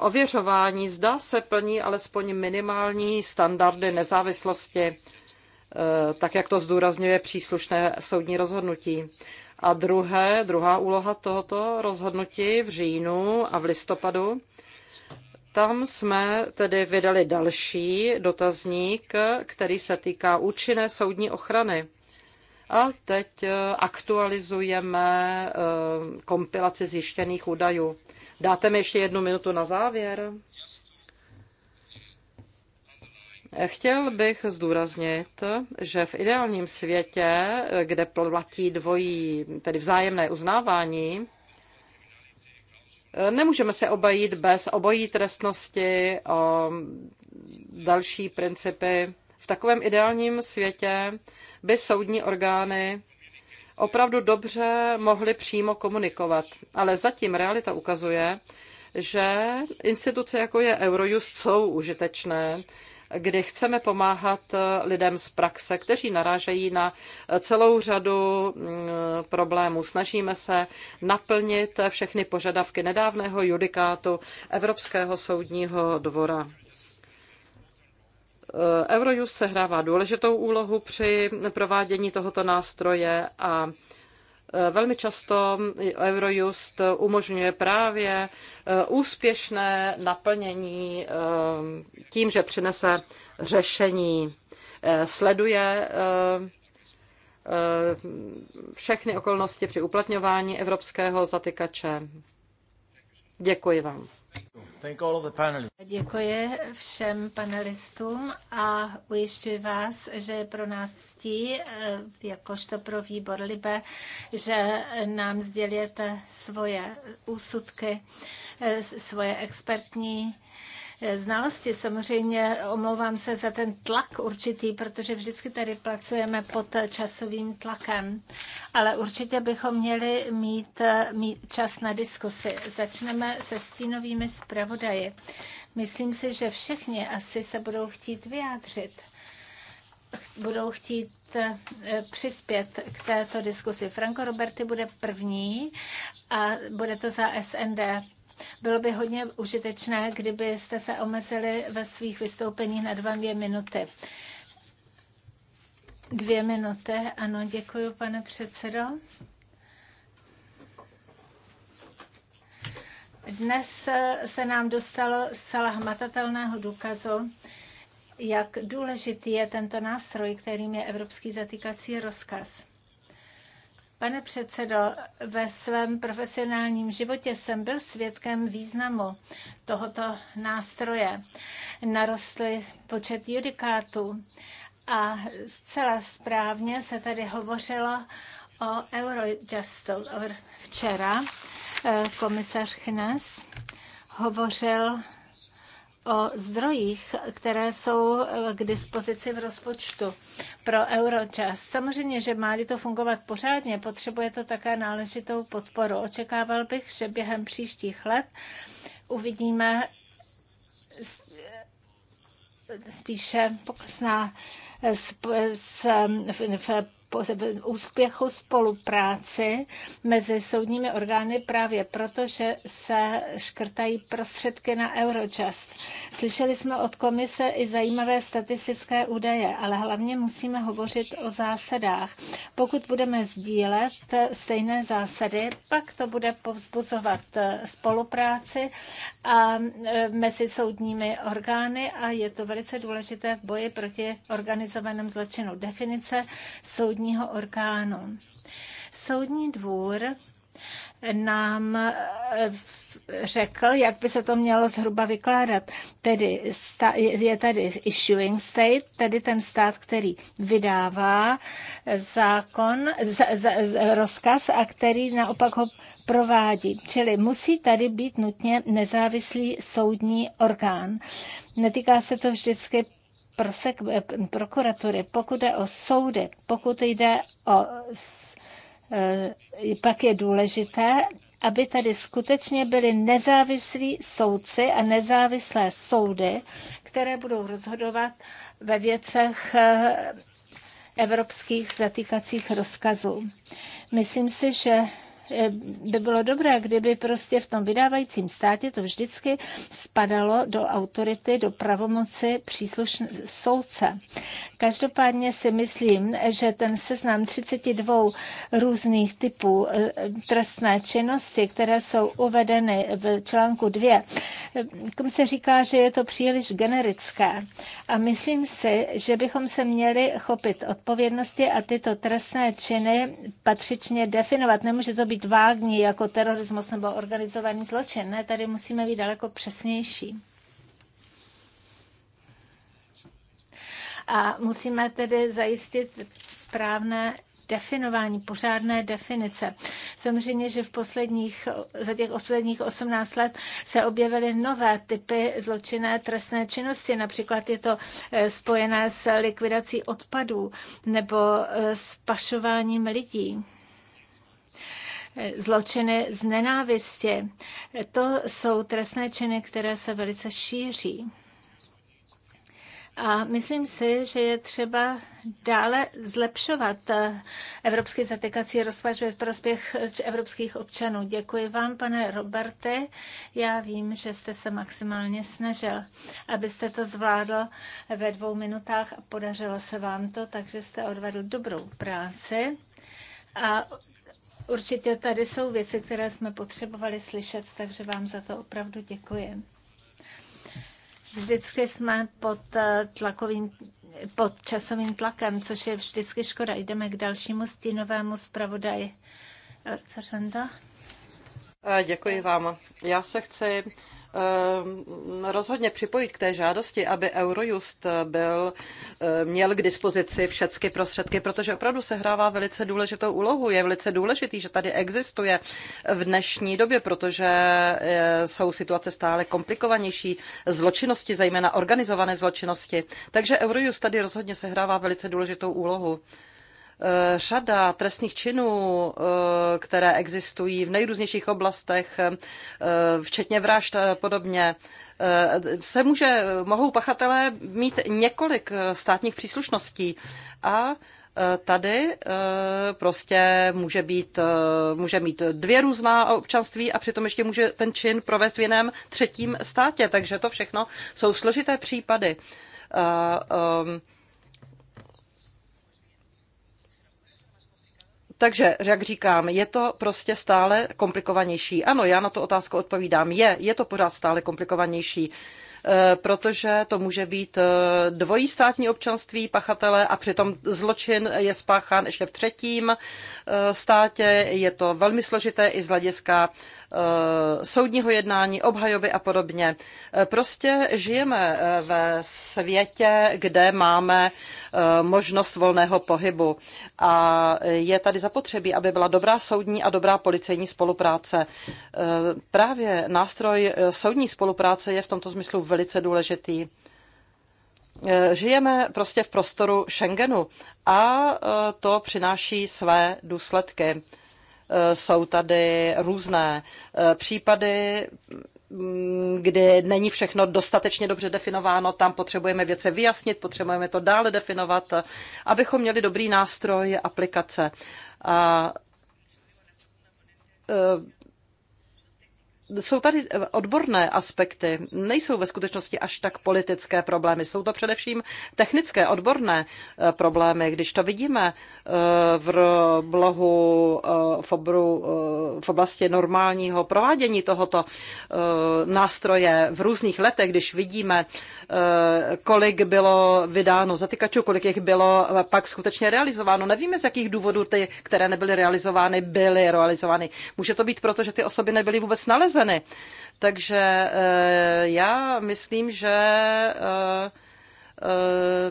ověřování. Zda se plní alespoň minimální standardy nezávislosti Eh, tak jak to zdůrazňuje příslušné soudní rozhodnutí. A druhé, druhá úloha tohoto rozhodnutí v říjnu a v listopadu, tam jsme tedy vydali další dotazník, který se týká účinné soudní ochrany. A teď eh, aktualizujeme eh, kompilaci zjištěných údajů. Dáte mi ještě jednu minutu na závěr? Chtěl bych zdůraznit, že v ideálním světě, kde platí dvojí, tedy vzájemné uznávání, nemůžeme se obejít bez obojí trestnosti o další principy. V takovém ideálním světě by soudní orgány opravdu dobře mohly přímo komunikovat. Ale zatím realita ukazuje, že instituce jako je Eurojust jsou užitečné kdy chceme pomáhat eh, lidem z praxe, kteří narážejí na celou řadu mm, problémů. Snažíme se naplnit všechny požadavky nedávného judikátu Evropského soudního dvora. Eh, Eurojust sehrává důležitou úlohu při provádění tohoto nástroje a Eh, velmi často mm, Eurojust eh, umožňuje právě eh, úspěšné naplnění tím, že přinese řešení. Sleduje všechny okolnosti při uplatňování evropského zatykače. Děkuji vám. Děkuji všem panelistům a ujišťuji vás, že je pro nás ctí, eh, jakožto pro výbor Libe, že nám sdělíte svoje úsudky, eh, svoje expertní Eh, znalosti. Samozřejmě omlouvám se za ten tlak určitý, protože vždycky tady pracujeme pod časovým tlakem. Ale určitě bychom měli mít, eh, mít čas na diskusy. Začneme se stínovými zpravodaji. Myslím si, že všichni asi se budou chtít vyjádřit budou chtít eh, přispět k této diskusi. Franco Roberti bude první a bude to za SND. Bylo by hodně užitečné, kdybyste se omezili ve svých vystoupeních na dva, dvě minuty. Dvě minuty, ano, děkuji, pane předsedo. Dnes se nám dostalo zcela hmatatelného důkazu, jak důležitý je tento nástroj, kterým je Evropský zatýkací rozkaz. Pane předsedo, ve svém profesionálním životě jsem byl svědkem významu tohoto nástroje. Narostly počet judikátů a zcela správně se tady hovořilo o Eurojustu. Včera eh, komisař Chnes hovořil o zdrojích, které jsou eh, k dispozici v rozpočtu pro Eurojust. Samozřejmě, že má to fungovat pořádně, potřebuje to také náležitou podporu. Očekával bych, že během příštích let uvidíme eh, spíše pokusná eh, s, s, v úspěchu spolupráci mezi soudními orgány právě proto, že se škrtají prostředky na Eurojust. Slyšeli jsme od komise i zajímavé statistické údaje, ale hlavně musíme hovořit o zásadách. Pokud budeme sdílet stejné zásady, pak to bude povzbuzovat spolupráci a e, mezi soudními orgány a je to velice důležité v boji proti organizovanému zločinu. Definice soudní soudního orgánu. Soudní dvůr nám eh, řekl, jak by se to mělo zhruba vykládat. Tedy je tady issuing state, tedy ten stát, který vydává eh, zákon, z, z, z, rozkaz a který naopak ho provádí. Čili musí tady být nutně nezávislý soudní orgán. Netýká se to vždycky Eh, prokuratury, pokud jde o soudy, pokud jde o eh, pak je důležité, aby tady skutečně byly nezávislí soudci a nezávislé soudy, které budou rozhodovat ve věcech eh, evropských zatýkacích rozkazů. Myslím si, že Eh, by bylo dobré, kdyby prostě v tom vydávajícím státě to vždycky spadalo do autority, do pravomoci příslušného soudce. Každopádně si myslím, že ten seznam 32 různých typů eh, trestné činnosti, které jsou uvedeny v článku 2, eh, kom se říká, že je to příliš generické. A myslím si, že bychom se měli chopit odpovědnosti a tyto trestné činy patřičně definovat. Nemůže to být být vágní jako terorismus nebo organizovaný zločin. Ne, tady musíme být daleko přesnější. A musíme tedy zajistit správné definování, pořádné definice. Samozřejmě, že v posledních, za těch posledních 18 let se objevily nové typy zločinné trestné činnosti. Například je to eh, spojené s likvidací odpadů nebo eh, s pašováním lidí zločiny z nenávisti. To jsou trestné činy, které se velice šíří. A myslím si, že je třeba dále zlepšovat eh, evropský zatykací rozpač ve prospěch evropských občanů. Děkuji vám, pane Roberte. Já vím, že jste se maximálně snažil, abyste to zvládl ve dvou minutách a podařilo se vám to, takže jste odvedl dobrou práci. A Určitě tady jsou věci, které jsme potřebovali slyšet, takže vám za to opravdu děkuji. Vždycky jsme pod eh, tlakovým pod časovým tlakem, což je vždycky škoda. Jdeme k dalšímu stínovému zpravodaji. Eh, Cerenda. Eh, děkuji vám. Já se chci Ehm, rozhodně připojit k té žádosti, aby Eurojust byl, eh, měl k dispozici všechny prostředky, protože opravdu se hrává velice důležitou úlohu. Je velice důležitý, že tady existuje v dnešní době, protože eh, jsou situace stále komplikovanější, zločinnosti, zejména organizované zločinnosti. Takže Eurojust tady rozhodně sehrává velice důležitou úlohu. Eh, řada trestných činů, eh, které existují v nejrůznějších oblastech, eh, včetně vražd a podobně, se může, mohou pachatelé mít několik státních příslušností a tady prostě může, být, může mít dvě různá občanství a přitom ještě může ten čin provést v jiném třetím státě. Takže to všechno jsou složité případy. Uh, um, Takže, jak říkám, je to prostě stále komplikovanější. Ano, já na tu otázku odpovídám. Je, je to pořád stále komplikovanější eh, protože to může být eh, dvojí státní občanství pachatele a přitom zločin je spáchán ještě v třetím eh, státě. Je to velmi složité i z hlediska Eh, soudního jednání, obhajoby a podobně. Eh, prostě žijeme eh, ve světě, kde máme možnost volného pohybu a je tady zapotřebí, aby byla dobrá soudní a dobrá policejní spolupráce. Právě nástroj soudní spolupráce je v tomto smyslu velice důležitý žijeme prostě v prostoru Schengenu a to přináší své důsledky. Eh, jsou tady různé eh, případy, mm, kdy není všechno dostatečně dobře definováno, tam potřebujeme věce vyjasnit, potřebujeme to dále definovat, eh, abychom měli dobrý nástroj aplikace. A jsou tady eh, odborné aspekty, nejsou ve skutečnosti až tak politické problémy, jsou to především technické, odborné eh, problémy. Když to vidíme eh, v blohu v, obru, v oblasti normálního provádění tohoto nástroje v různých letech, když vidíme, kolik bylo vydáno zatykačů, kolik jich bylo pak skutečně realizováno, nevíme z jakých důvodů ty, které nebyly realizovány, byly realizovány. Může to být proto, že ty osoby nebyly vůbec nalezeny poškozeny. Takže eh, já myslím, že eh,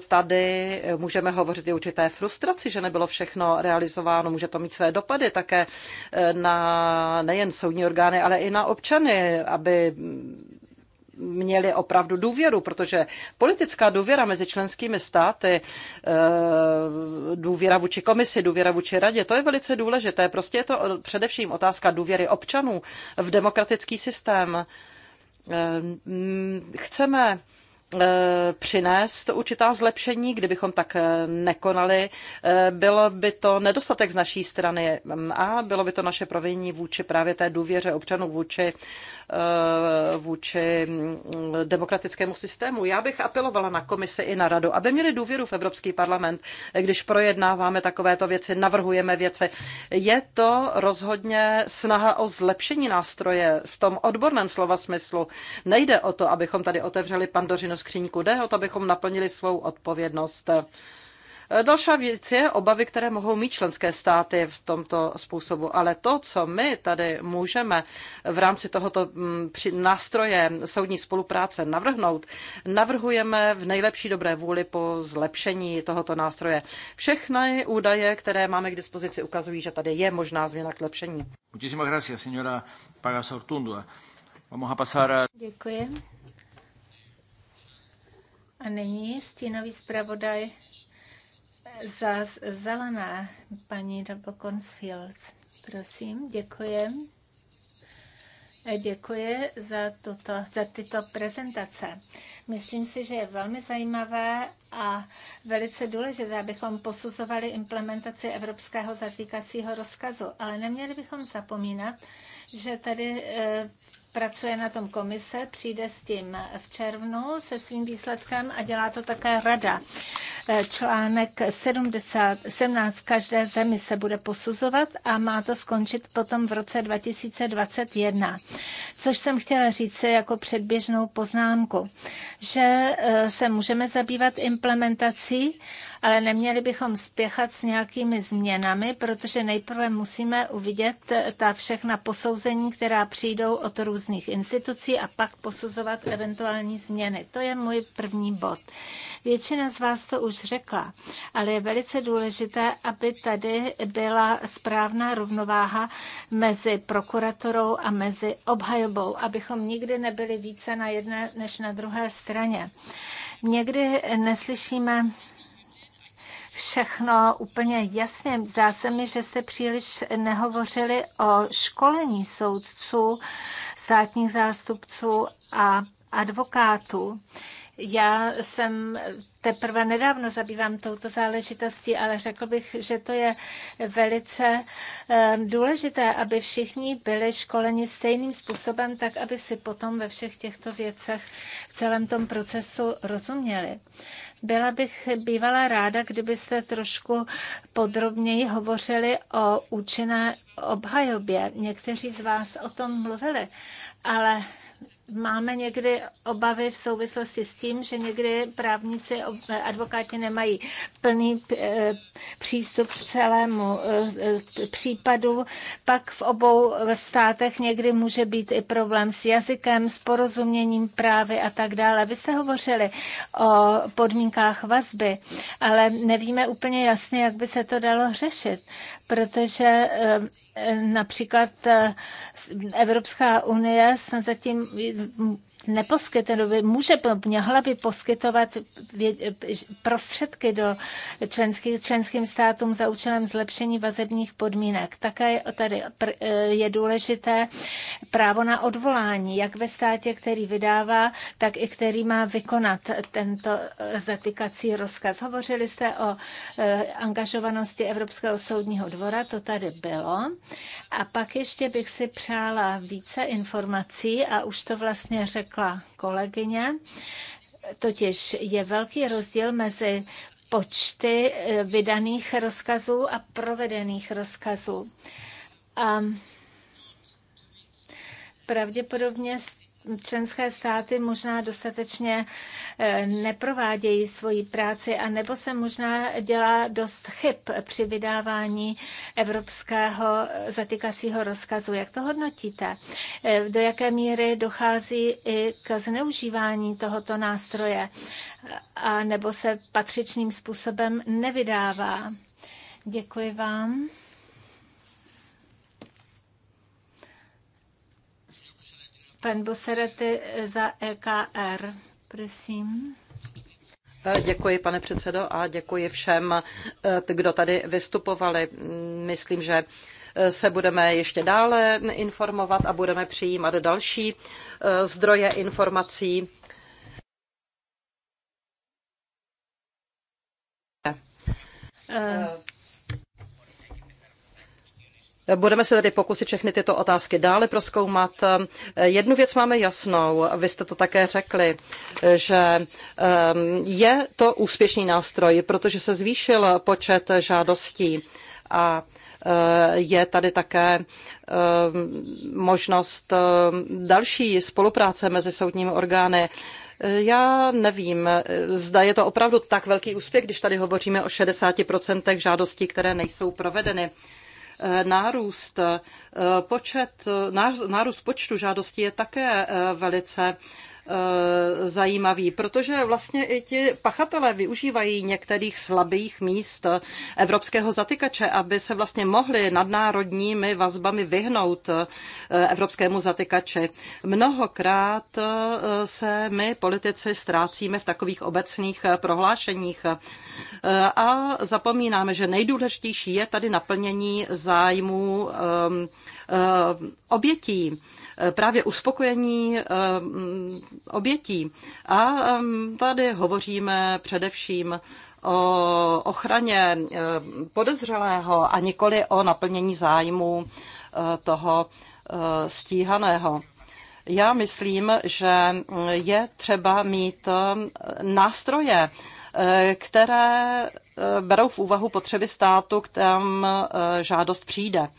tady můžeme hovořit i určité frustraci, že nebylo všechno realizováno. Může to mít své dopady také eh, na nejen soudní orgány, ale i na občany, aby měli opravdu důvěru, protože politická důvěra mezi členskými státy, eh, důvěra vůči komisi, důvěra vůči radě, to je velice důležité. Prostě je to především otázka důvěry občanů v demokratický systém. Eh, mm, chceme eh, přinést určitá zlepšení, kdybychom tak nekonali, bylo by to nedostatek z naší strany mm, a bylo by to naše provinění vůči právě té důvěře občanů vůči Eh, vůči mm, demokratickému systému. Já bych apelovala na komisi i na radu, aby měli důvěru v Evropský parlament, když projednáváme takovéto věci, navrhujeme věci. Je to rozhodně snaha o zlepšení nástroje v tom odborném slova smyslu. Nejde o to, abychom tady otevřeli pandořinu skříňku, jde o to, abychom naplnili svou odpovědnost. Eh, další věc je obavy, které mohou mít členské státy v tomto způsobu, ale to, co my tady můžeme v rámci tohoto mm, nástroje soudní spolupráce navrhnout, navrhujeme v nejlepší dobré vůli po zlepšení tohoto nástroje. Všechny údaje, které máme k dispozici, ukazují, že tady je možná změna k lepšení. Děkuji. A nyní stínový zpravodaj za zelené paní Double Consfields. Prosím, děkuji. E, děkuji za, tuto, za tyto prezentace. Myslím si, že je velmi zajímavé a velice důležité, abychom posuzovali implementaci evropského zatýkacího rozkazu, ale neměli bychom zapomínat, že tady e, pracuje na tom komise, přijde s tím v červnu se svým výsledkem a dělá to také rada. E, článek 70, 17 v každé zemi se bude posuzovat a má to skončit potom v roce 2021. Což jsem chtěla říct jako předběžnou poznámku, že e, se můžeme zabývat implementací ale neměli bychom spěchat s nějakými změnami, protože nejprve musíme uvidět ta všechna posouzení, která přijdou od různých institucí a pak posuzovat eventuální změny. To je můj první bod. Většina z vás to už řekla, ale je velice důležité, aby tady byla správná rovnováha mezi prokuratorou a mezi obhajobou, abychom nikdy nebyli více na jedné než na druhé straně. Někdy neslyšíme všechno úplně jasně. Zdá se mi, že jste příliš nehovořili o školení soudců, státních zástupců a advokátů. Já jsem teprve nedávno zabývám touto záležitostí, ale řekl bych, že to je velice eh, důležité, aby všichni byli školeni stejným způsobem, tak aby si potom ve všech těchto věcech v celém tom procesu rozuměli. Byla bych bývala ráda, kdybyste trošku podrobněji hovořili o účinné obhajobě. Někteří z vás o tom mluvili, ale máme někdy obavy v souvislosti s tím, že někdy právníci, eh, advokáti nemají plný eh, přístup k celému eh, případu. Pak v obou státech někdy může být i problém s jazykem, s porozuměním právy a tak dále. Vy jste hovořili o podmínkách vazby, ale nevíme úplně jasně, jak by se to dalo řešit protože eh, například eh, Evropská unie snad zatím eh, neposkytuje, může, měla by poskytovat prostředky do členských, členským státům za účelem zlepšení vazebních podmínek. Také tady je důležité právo na odvolání, jak ve státě, který vydává, tak i který má vykonat tento zatykací rozkaz. Hovořili jste o angažovanosti Evropského soudního dvora, to tady bylo. A pak ještě bych si přála více informací a už to vlastně řekla kolegyně. Totiž je velký rozdíl mezi počty eh, vydaných rozkazů a provedených rozkazů. A pravděpodobně členské státy možná dostatečně eh, neprovádějí svoji práci a nebo se možná dělá dost chyb při vydávání evropského eh, zatýkacího rozkazu. Jak to hodnotíte? Eh, do jaké míry dochází i k zneužívání tohoto nástroje a nebo se patřičným způsobem nevydává? Děkuji vám. Pan Boserety eh, za EKR, prosím. Eh, děkuji, pane předsedo, a děkuji všem, eh, kdo tady vystupovali. Myslím, že se budeme ještě dále informovat a budeme přijímat další zdroje informací. Uh Budeme se tedy pokusit všechny tyto otázky dále proskoumat. Jednu věc máme jasnou, vy jste to také řekli, že ehm, je to úspěšný nástroj, protože se zvýšil počet žádostí a eh, je tady také ehm, možnost ehm, další spolupráce mezi soudními orgány. Já nevím, zda je to opravdu tak velký úspěch, když tady hovoříme o 60% žádostí, které nejsou provedeny. Eh, nárůst, eh, počet, eh, nárůst počtu žádostí je také velice Eh, zajímavý, protože vlastně i ti pachatelé využívají některých slabých míst evropského zatykače, aby se vlastně mohli nadnárodními vazbami vyhnout eh, evropskému zatykači. Mnohokrát eh, se my, politici, ztrácíme v takových obecných prohlášeních a zapomínáme, že nejdůležitější je tady naplnění zájmu obětí. Eh, právě uspokojení eh, mm, obětí. A mm, tady hovoříme především o ochraně eh, podezřelého a nikoli o naplnění zájmu toho stíhaného. Já myslím, že mm, je třeba mít nástroje, které berou v úvahu potřeby státu, k tam žádost přijde.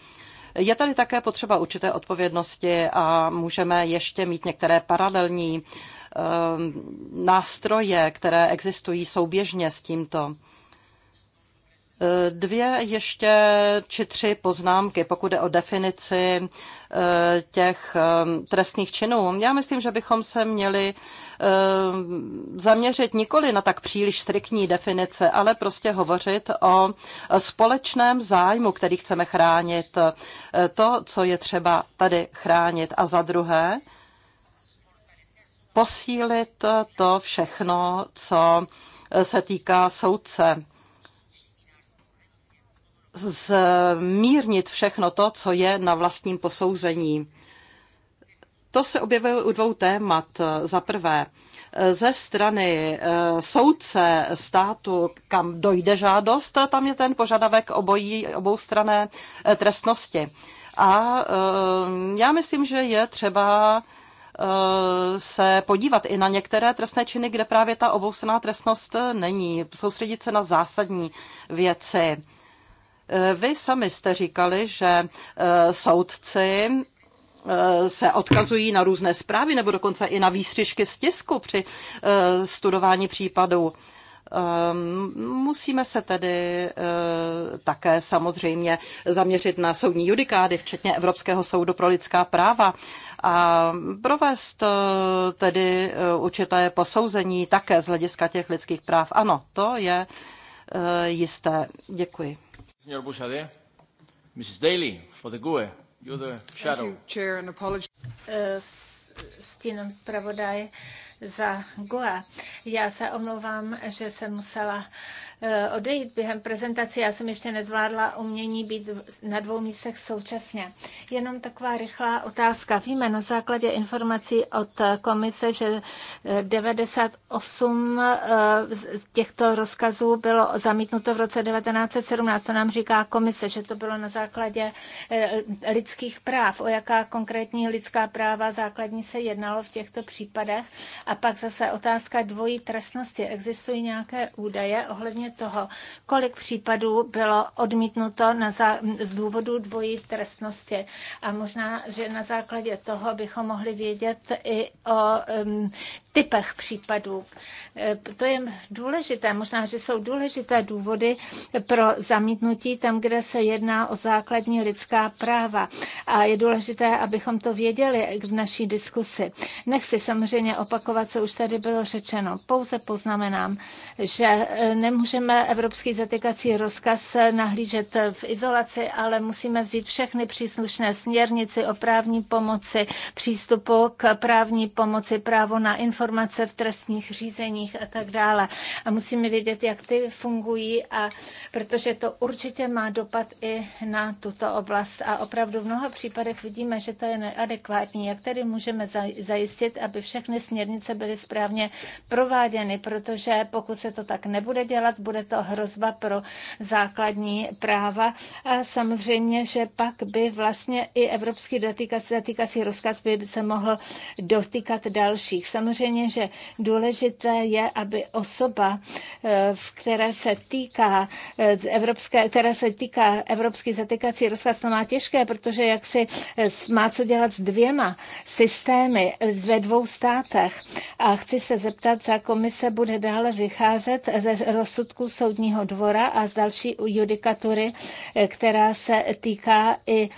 Je tady také potřeba určité odpovědnosti a můžeme ještě mít některé paralelní ehm, nástroje, které existují souběžně s tímto. Eh, dvě ještě či tři poznámky, pokud je o definici eh, těch ehm, trestných činů. Já myslím, že bychom se měli Eh, zaměřit nikoli na tak příliš striktní definice, ale prostě hovořit o společném zájmu, který chceme chránit, eh, to, co je třeba tady chránit. A za druhé, posílit to všechno, co eh, se týká soudce zmírnit všechno to, co je na vlastním posouzení to se objevuje u dvou témat. Za prvé, ze strany eh, soudce státu, kam dojde žádost, tam je ten požadavek obojí, obou strané eh, trestnosti. A eh, já myslím, že je třeba se podívat i na některé trestné činy, kde právě ta oboustranná trestnost není. Soustředit se na zásadní věci. Vy sami jste říkali, že soudci Eh, se odkazují na různé zprávy nebo dokonce i na výstřižky z tisku při eh, studování případů. Ehm, musíme se tedy eh, také samozřejmě zaměřit na soudní judikády, včetně Evropského soudu pro lidská práva a provést tedy určité posouzení také z hlediska těch lidských práv. Ano, to je jisté. Děkuji. Mrs. Daly, for the GUE. You're the shadow. You, chair, and eh, Stínem zpravodaj za GUE. Já se omlouvám, že jsem musela Eh, odejít během prezentace. Já jsem ještě nezvládla umění být na dvou místech současně. Jenom taková rychlá otázka. Víme na základě informací od komise, že 98 eh, eh, těchto rozkazů bylo zamítnuto v roce 1917. To nám říká komise, že to bylo na základě lidských práv. O jaká konkrétní lidská práva základní se jednalo v těchto případech? A pak zase otázka dvojí trestnosti. Existují nějaké údaje ohledně toho, kolik případů bylo odmítnuto na zá, z důvodu dvojí trestnosti. A možná, že na základě toho bychom mohli vědět i o um, typech případů. Eh, to je důležité, možná, že jsou důležité důvody pro zamítnutí tam, kde se jedná o základní lidská práva. A je důležité, abychom to věděli v naší diskusi. Nechci samozřejmě opakovat, co už tady bylo řečeno. Pouze poznamenám, že eh, nemůžeme evropský zatykací rozkaz nahlížet v izolaci, ale musíme vzít všechny příslušné směrnici o právní pomoci, přístupu k právní pomoci, právo na informace, informace v trestních řízeních a tak dále. A musíme vědět, jak ty fungují, a protože to určitě má dopad i na tuto oblast. A opravdu v mnoha případech vidíme, že to je neadekvátní. Jak tedy můžeme zajistit, aby všechny směrnice byly správně prováděny, protože pokud se to tak nebude dělat, bude to hrozba pro základní práva. A samozřejmě, že pak by vlastně i evropský dotýkací, dotýkací rozkaz by se mohl dotýkat dalších. Samozřejmě Samozřejmě, že důležité je, aby osoba, eh, v které se týká eh, evropské, která se týká evropský zatykací rozkaz, to má těžké, protože jak si eh, má co dělat s dvěma systémy ve dvou státech. A chci se zeptat, za komise bude dále vycházet ze rozsudku soudního dvora a z další judikatury, která se týká i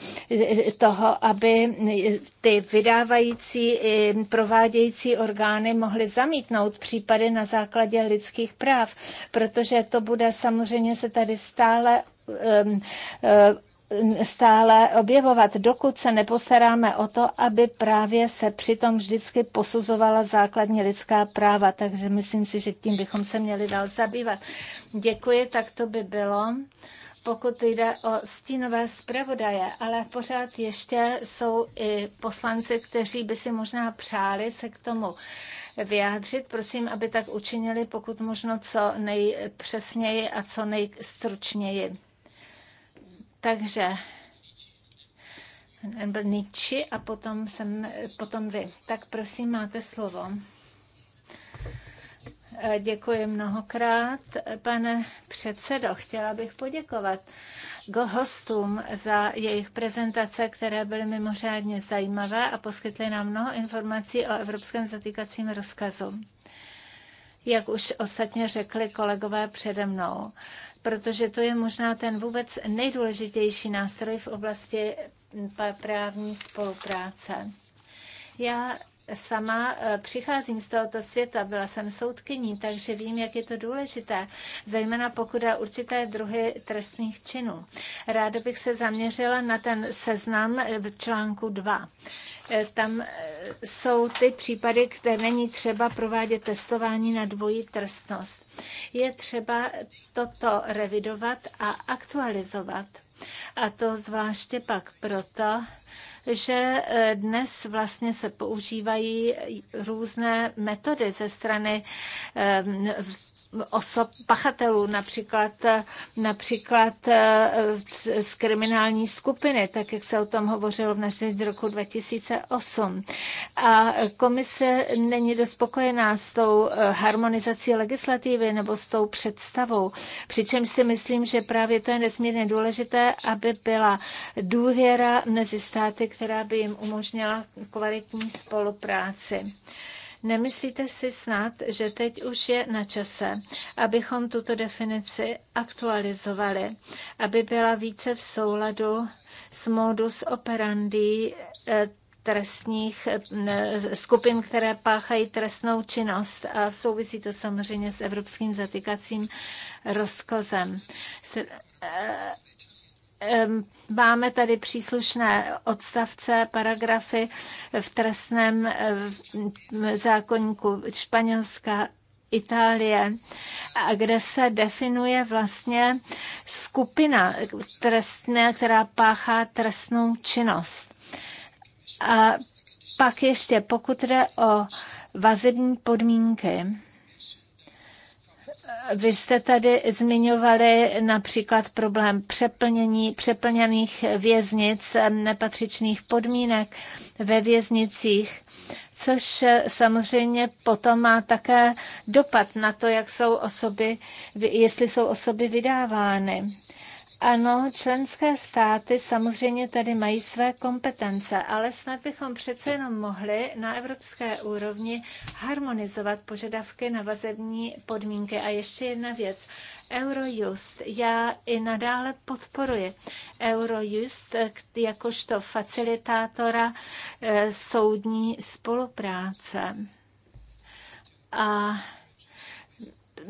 toho, aby ty vydávající i provádějící orgány orgány mohly zamítnout případy na základě lidských práv, protože to bude samozřejmě se tady stále um, um, stále objevovat, dokud se neposeráme o to, aby právě se přitom vždycky posuzovala základní lidská práva. Takže myslím si, že tím bychom se měli dál zabývat. Děkuji, tak to by bylo pokud jde o stínové zpravodaje, ale pořád ještě jsou i poslanci, kteří by si možná přáli se k tomu vyjádřit. Prosím, aby tak učinili, pokud možno co nejpřesněji a co nejstručněji. Takže Nietzsche a potom, jsem, potom vy. Tak prosím, máte slovo. Eh, děkuji mnohokrát, pane předsedo. Chtěla bych poděkovat hostům za jejich prezentace, které byly mimořádně zajímavé a poskytly nám mnoho informací o evropském zatýkacím rozkazu. Jak už ostatně řekli kolegové přede mnou, protože to je možná ten vůbec nejdůležitější nástroj v oblasti právní spolupráce. Já sama eh, přicházím z tohoto světa, byla jsem soudkyní, takže vím, jak je to důležité, zejména pokud je určité druhy trestných činů. Ráda bych se zaměřila na ten seznam eh, v článku 2 eh, tam jsou ty případy, kde není třeba provádět testování na dvojí trestnost. Je třeba toto revidovat a aktualizovat a to zvláště pak proto, že eh, dnes vlastně se používají různé metody ze strany eh, osob, pachatelů, například, eh, například z kriminální skupiny, tak jak se o tom hovořilo v našem z roku 2008. A komise není dospokojená s tou harmonizací legislativy nebo s tou představou, přičemž si myslím, že právě to je nesmírně důležité, aby byla důvěra mezi státy, která by jim umožnila kvalitní spolupráci. Nemyslíte si snad, že teď už je na čase, abychom tuto definici aktualizovali, aby byla více v souladu s modus operandi eh, trestních eh, skupin, které páchají trestnou činnost. A souvisí to samozřejmě s evropským zatýkacím rozkozem. Máme tady příslušné odstavce, paragrafy v trestném zákonníku Španělska, Itálie, kde se definuje vlastně skupina trestné, která páchá trestnou činnost. A pak ještě, pokud jde o vazební podmínky, vy jste tady zmiňovali například problém přeplnění, přeplněných věznic, nepatřičných podmínek ve věznicích což eh, samozřejmě potom má také dopad na to, jak jsou osoby, jestli jsou osoby vydávány. Ano, členské státy samozřejmě tady mají své kompetence, ale snad bychom přece jenom mohli na evropské úrovni harmonizovat požadavky na vazební podmínky. A ještě jedna věc. Eurojust. Já i nadále podporuji Eurojust jakožto facilitátora eh, soudní spolupráce. A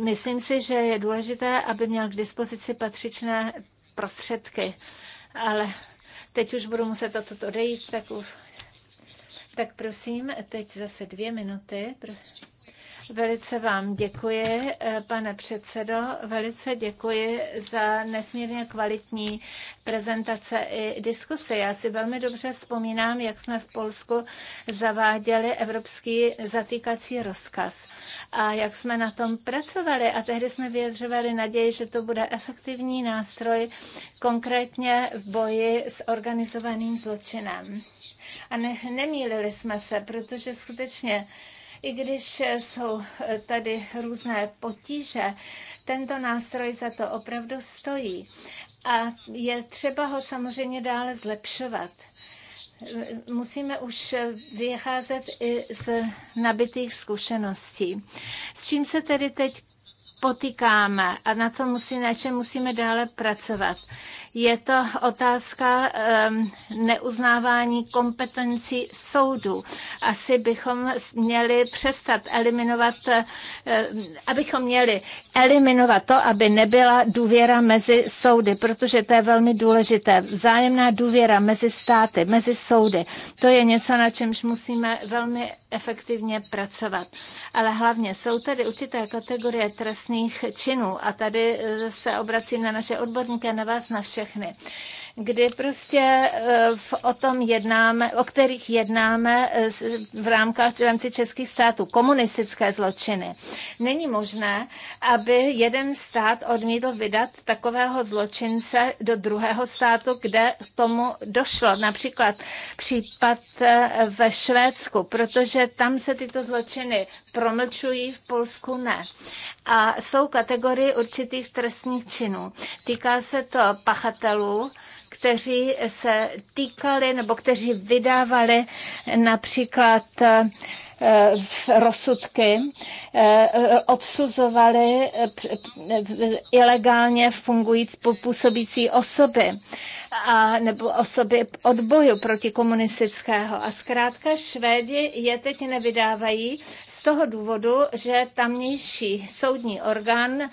myslím si, že je důležité, aby měl k dispozici patřičné prostředky, ale teď už budu muset toto odejít, tak, tak prosím, teď zase dvě minuty. Prosím. Velice vám děkuji, eh, pane předsedo. Velice děkuji za nesmírně kvalitní prezentace i diskuse. Já si velmi dobře vzpomínám, jak jsme v Polsku zaváděli evropský zatýkací rozkaz a jak jsme na tom pracovali. A tehdy jsme vyjadřovali naději, že to bude efektivní nástroj konkrétně v boji s organizovaným zločinem. A ne, nemýlili jsme se, protože skutečně i když jsou eh, tady různé potíže, tento nástroj za to opravdu stojí. A je třeba ho samozřejmě dále zlepšovat musíme už vycházet i z nabitých zkušeností. S čím se tedy teď potýkáme a na, co musí, na čem musíme dále pracovat. Je to otázka um, neuznávání kompetencí soudů. Asi bychom měli přestat eliminovat, um, abychom měli eliminovat to, aby nebyla důvěra mezi soudy, protože to je velmi důležité. Vzájemná důvěra mezi státy, mezi soudy, to je něco, na čemž musíme velmi efektivně pracovat. Ale hlavně jsou tady určité kategorie trestní trestných činů. A tady eh, se obracím na naše odborníky a na vás, na všechny kdy prostě eh, o tom jednáme, o kterých jednáme eh, v rámkách v rámci českých států, komunistické zločiny. Není možné, aby jeden stát odmítl vydat takového zločince do druhého státu, kde tomu došlo. Například případ ve Švédsku, protože tam se tyto zločiny promlčují, v Polsku ne a jsou kategorie určitých trestních činů. Týká se to pachatelů, kteří se týkali nebo kteří vydávali například eh, rozsudky, eh, eh, obsuzovali ilegálně fungující, působící osoby a, nebo osoby odboju proti komunistického. A zkrátka Švédi je teď nevydávají z toho důvodu, že tamnější soudní orgán e,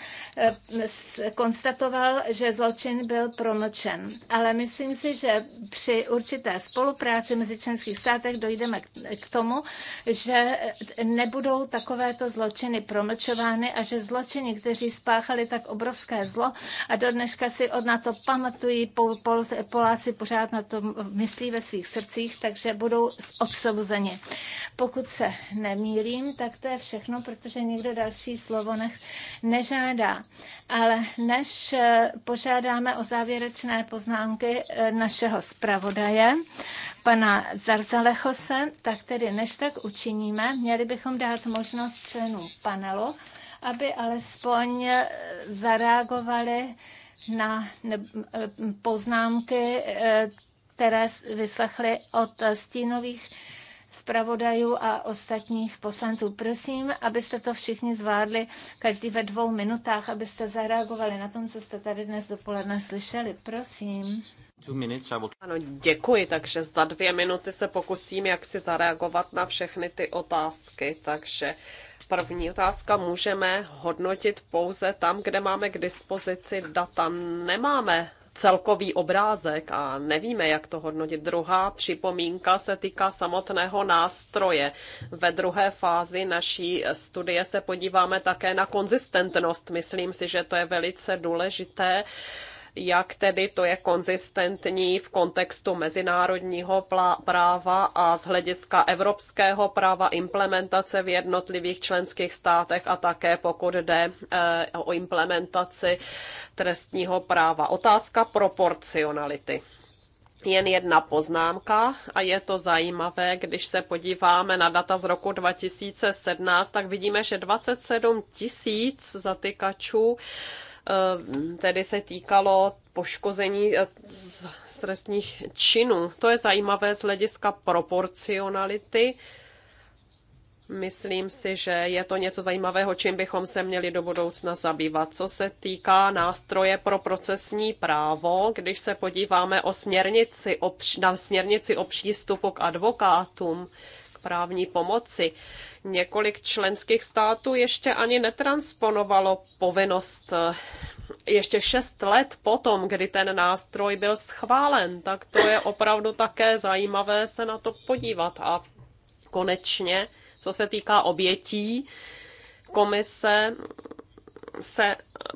konstatoval, že zločin byl promlčen. Ale myslím si, že při určité spolupráci mezi členských státech dojdeme k tomu, že nebudou takovéto zločiny promlčovány a že zločiny, kteří spáchali tak obrovské zlo a do dneška si od na to pamatují po po Poláci pořád na to myslí ve svých srdcích, takže budou odsouzeni. Pokud se nemýlím, tak to je všechno, protože nikdo další slovo nech, nežádá. Ale než eh, požádáme o závěrečné poznámky eh, našeho zpravodaje, pana Zarzalechose, tak tedy než tak učiníme, měli bychom dát možnost členům panelu, aby alespoň eh, zareagovali na poznámky, eh, které vyslechli od stínových zpravodajů a ostatních poslanců. Prosím, abyste to všichni zvládli každý ve dvou minutách, abyste zareagovali na tom, co jste tady dnes dopoledne slyšeli. Prosím. Ano, děkuji, takže za dvě minuty se pokusím jak si zareagovat na všechny ty otázky, takže První otázka můžeme hodnotit pouze tam, kde máme k dispozici data. Nemáme celkový obrázek a nevíme, jak to hodnotit. Druhá připomínka se týká samotného nástroje. Ve druhé fázi naší studie se podíváme také na konzistentnost. Myslím si, že to je velice důležité jak tedy to je konzistentní v kontextu mezinárodního práva a z hlediska evropského práva implementace v jednotlivých členských státech a také pokud jde eh, o implementaci trestního práva. Otázka proporcionality. Jen jedna poznámka a je to zajímavé, když se podíváme na data z roku 2017, tak vidíme, že 27 tisíc zatykačů Ehm, tedy se týkalo poškození stresních eh, činů. To je zajímavé z hlediska proporcionality. Myslím si, že je to něco zajímavého, čím bychom se měli do budoucna zabývat. Co se týká nástroje pro procesní právo, když se podíváme o směrnici, o, na směrnici o přístupu k advokátům, k právní pomoci, Několik členských států ještě ani netransponovalo povinnost eh, ještě šest let potom, kdy ten nástroj byl schválen, tak to je opravdu také zajímavé se na to podívat. A konečně, co se týká obětí, komise se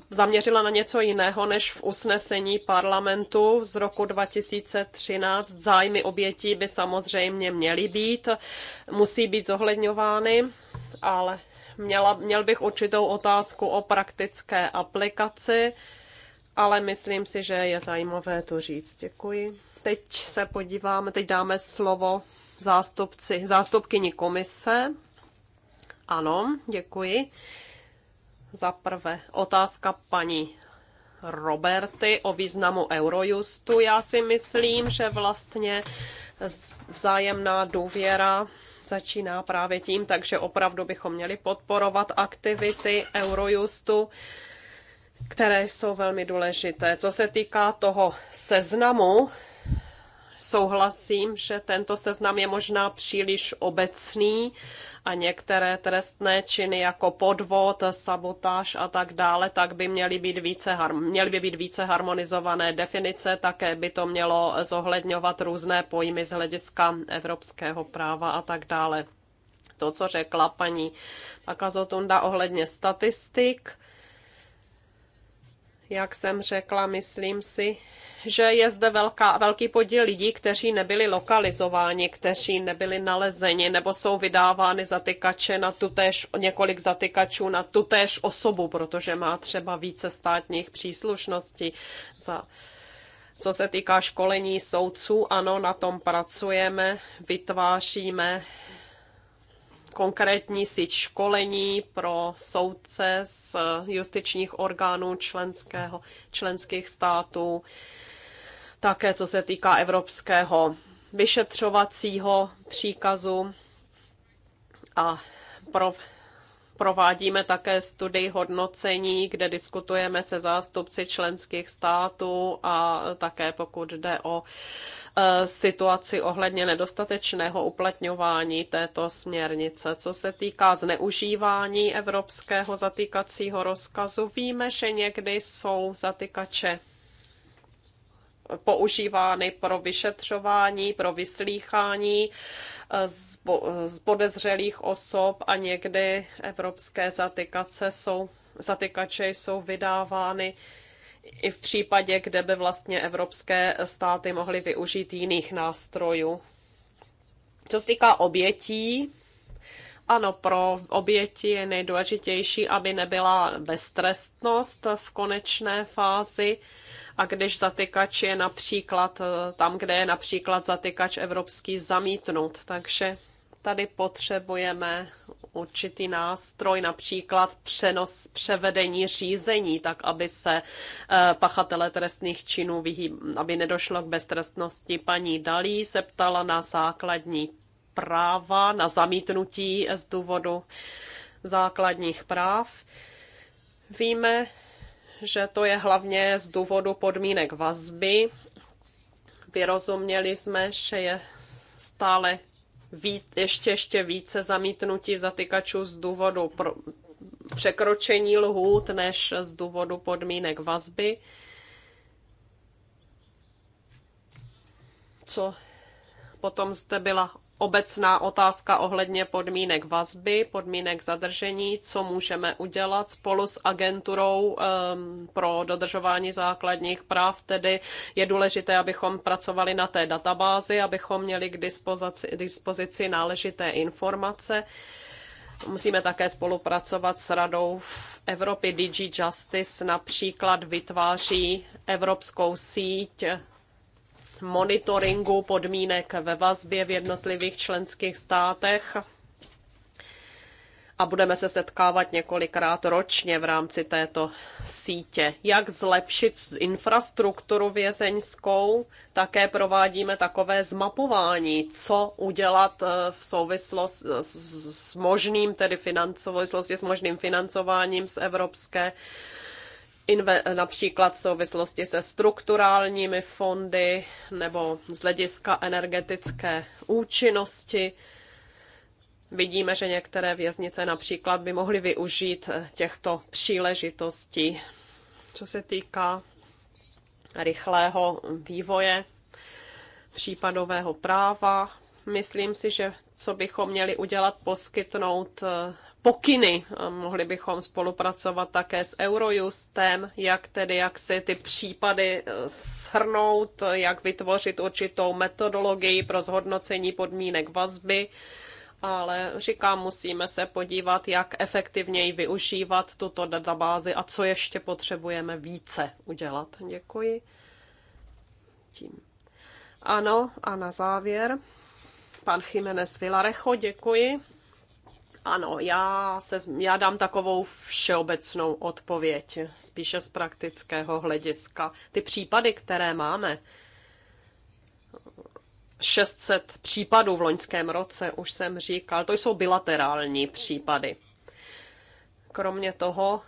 zaměřila na něco jiného než v usnesení parlamentu z roku 2013. Zájmy obětí by samozřejmě měly být, musí být zohledňovány, ale měla, měl bych určitou otázku o praktické aplikaci, ale myslím si, že je zajímavé to říct. Děkuji. Teď se podíváme, teď dáme slovo zástupci, zástupkyni komise. Ano, děkuji. Za prvé, otázka paní Roberty o významu Eurojustu. Já si myslím, že vlastně vzájemná důvěra začíná právě tím, takže opravdu bychom měli podporovat aktivity Eurojustu, které jsou velmi důležité. Co se týká toho seznamu souhlasím, že tento seznam je možná příliš obecný a některé trestné činy jako podvod, sabotáž a tak dále, tak by měly, být více, měly by být více harmonizované definice, také by to mělo zohledňovat různé pojmy z hlediska evropského práva a tak dále. To, co řekla paní Pakazotunda ohledně statistik, jak jsem řekla, myslím si, že je zde velká, velký podíl lidí, kteří nebyli lokalizováni, kteří nebyli nalezeni nebo jsou vydávány zatykače na tutéž, několik zatykačů na tutéž osobu, protože má třeba více státních příslušností za co se týká školení soudců, ano, na tom pracujeme, vytváříme konkrétní síť školení pro soudce z justičních orgánů členského, členských států, také co se týká evropského vyšetřovacího příkazu a pro Provádíme také studii hodnocení, kde diskutujeme se zástupci členských států a také pokud jde o e, situaci ohledně nedostatečného uplatňování této směrnice. Co se týká zneužívání evropského zatýkacího rozkazu, víme, že někdy jsou zatykače používány pro vyšetřování, pro vyslýchání eh, eh, z podezřelých osob a někdy evropské zatykace jsou, zatykače jsou vydávány i v případě, kde by vlastně evropské státy mohly využít jiných nástrojů. Co se týká obětí, ano, pro oběti je nejdůležitější, aby nebyla beztrestnost v konečné fázi. A když zatykač je například eh, tam, kde je například zatykač evropský zamítnut, takže tady potřebujeme určitý nástroj, například přenos převedení řízení, tak aby se eh, pachatele trestných činů, vyhýb, aby nedošlo k beztrestnosti. Paní Dalí se ptala na základní práva na zamítnutí z důvodu základních práv. Víme, že to je hlavně z důvodu podmínek vazby. Vyrozuměli jsme, že je stále víc, ještě, ještě více zamítnutí zatykačů z důvodu pro, překročení lhůt než z důvodu podmínek vazby. Co potom zde byla obecná otázka ohledně podmínek vazby, podmínek zadržení, co můžeme udělat spolu s agenturou um, pro dodržování základních práv. Tedy je důležité, abychom pracovali na té databázi, abychom měli k dispozici, dispozici náležité informace. Musíme také spolupracovat s Radou v Evropy. DG Justice například vytváří evropskou síť monitoringu podmínek ve vazbě v jednotlivých členských státech a budeme se setkávat několikrát ročně v rámci této sítě. Jak zlepšit infrastrukturu vězeňskou? Také provádíme takové zmapování, co udělat eh, v souvislosti eh, s možným, tedy souvislosti s možným financováním z Evropské například v souvislosti se strukturálními fondy nebo z hlediska energetické účinnosti. Vidíme, že některé věznice například by mohly využít eh, těchto příležitostí. Co se týká rychlého vývoje případového práva, myslím si, že co bychom měli udělat, poskytnout eh, pokyny. Mohli bychom spolupracovat také s Eurojustem, jak tedy, jak si ty případy eh, shrnout, jak vytvořit určitou metodologii pro zhodnocení podmínek vazby ale říkám, musíme se podívat, jak efektivněji využívat tuto databázi a co ještě potřebujeme více udělat. Děkuji. Tím. Ano, a na závěr pan Jiménez Vilarecho, děkuji. Ano, já, se, já dám takovou všeobecnou odpověď, spíše z praktického hlediska. Ty případy, které máme, 600 případů v loňském roce, už jsem říkal, to jsou bilaterální případy. Kromě toho,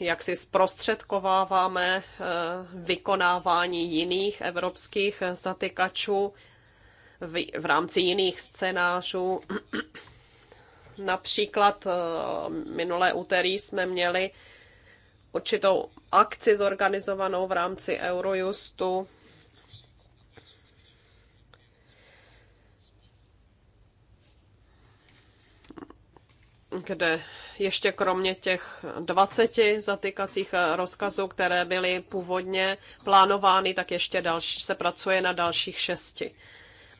jak si zprostředkováváme eh, vykonávání jiných evropských zatykačů v, v rámci jiných scénářů, Například eh, minulé úterý jsme měli určitou akci zorganizovanou v rámci Eurojustu. kde ještě kromě těch 20 zatykacích eh, rozkazů, které byly původně plánovány, tak ještě další, se pracuje na dalších šesti.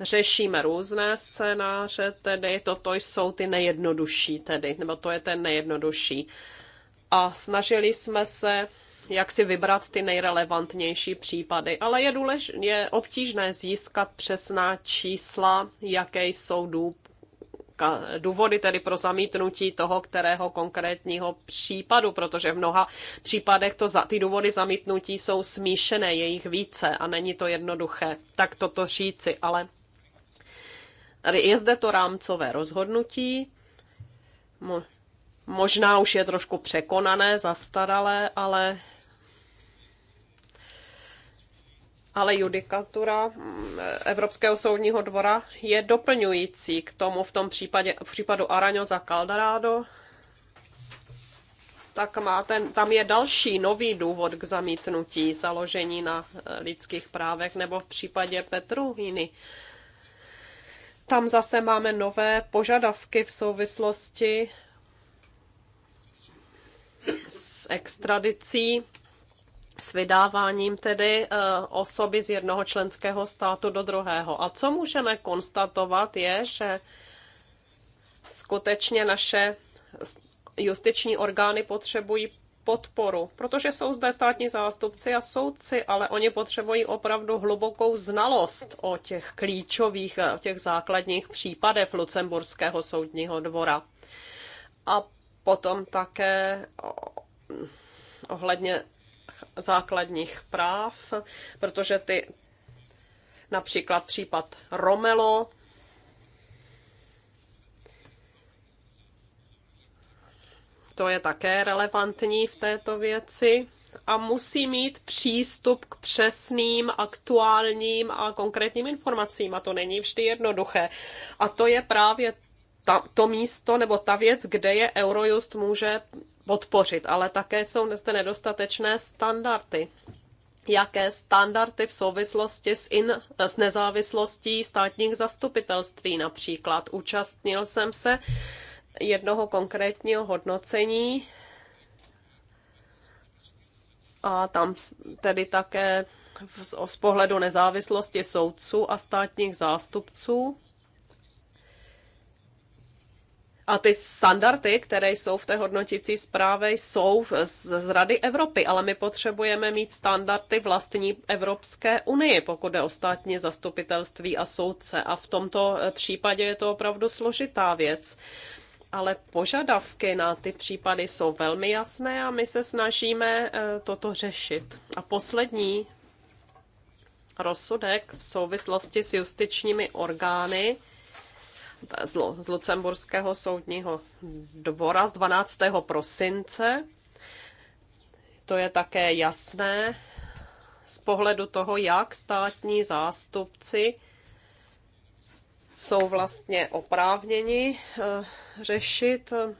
Řešíme různé scénáře, tedy toto jsou ty nejjednodušší, tedy, nebo to je ten nejjednodušší. A snažili jsme se jak si vybrat ty nejrelevantnější případy. Ale je, důlež, je obtížné získat přesná čísla, jaké jsou důvody tedy pro zamítnutí toho kterého konkrétního případu, protože v mnoha případech to za, ty důvody zamítnutí jsou smíšené, je jich více a není to jednoduché tak toto říci, ale je zde to rámcové rozhodnutí, možná už je trošku překonané, zastaralé, ale ale judikatura mm, Evropského soudního dvora je doplňující k tomu v tom případě, v případu Araňo za Caldarado, tak má ten, tam je další nový důvod k zamítnutí založení na eh, lidských právech nebo v případě Petru Hiny. Tam zase máme nové požadavky v souvislosti s extradicí, s vydáváním tedy eh, osoby z jednoho členského státu do druhého. A co můžeme konstatovat je, že skutečně naše justiční orgány potřebují podporu, protože jsou zde státní zástupci a soudci, ale oni potřebují opravdu hlubokou znalost o těch klíčových, o těch základních případech Lucemburského soudního dvora. A potom také ohledně základních práv, protože ty například případ Romelo, to je také relevantní v této věci a musí mít přístup k přesným, aktuálním a konkrétním informacím. A to není vždy jednoduché. A to je právě ta, to místo nebo ta věc, kde je Eurojust může podpořit. Ale také jsou zde nedostatečné standardy jaké standardy v souvislosti s, in, s nezávislostí státních zastupitelství například. Účastnil jsem se jednoho konkrétního hodnocení a tam tedy také z, pohledu nezávislosti soudců a státních zástupců. A ty standardy, které jsou v té hodnotící zprávě, jsou z, z Rady Evropy, ale my potřebujeme mít standardy vlastní Evropské unie, pokud je o státní zastupitelství a soudce. A v tomto eh, případě je to opravdu složitá věc ale požadavky na ty případy jsou velmi jasné a my se snažíme eh, toto řešit. A poslední rozsudek v souvislosti s justičními orgány z, Lucemburského soudního dvora z 12. prosince. To je také jasné z pohledu toho, jak státní zástupci jsou vlastně oprávněni eh, řešit eh,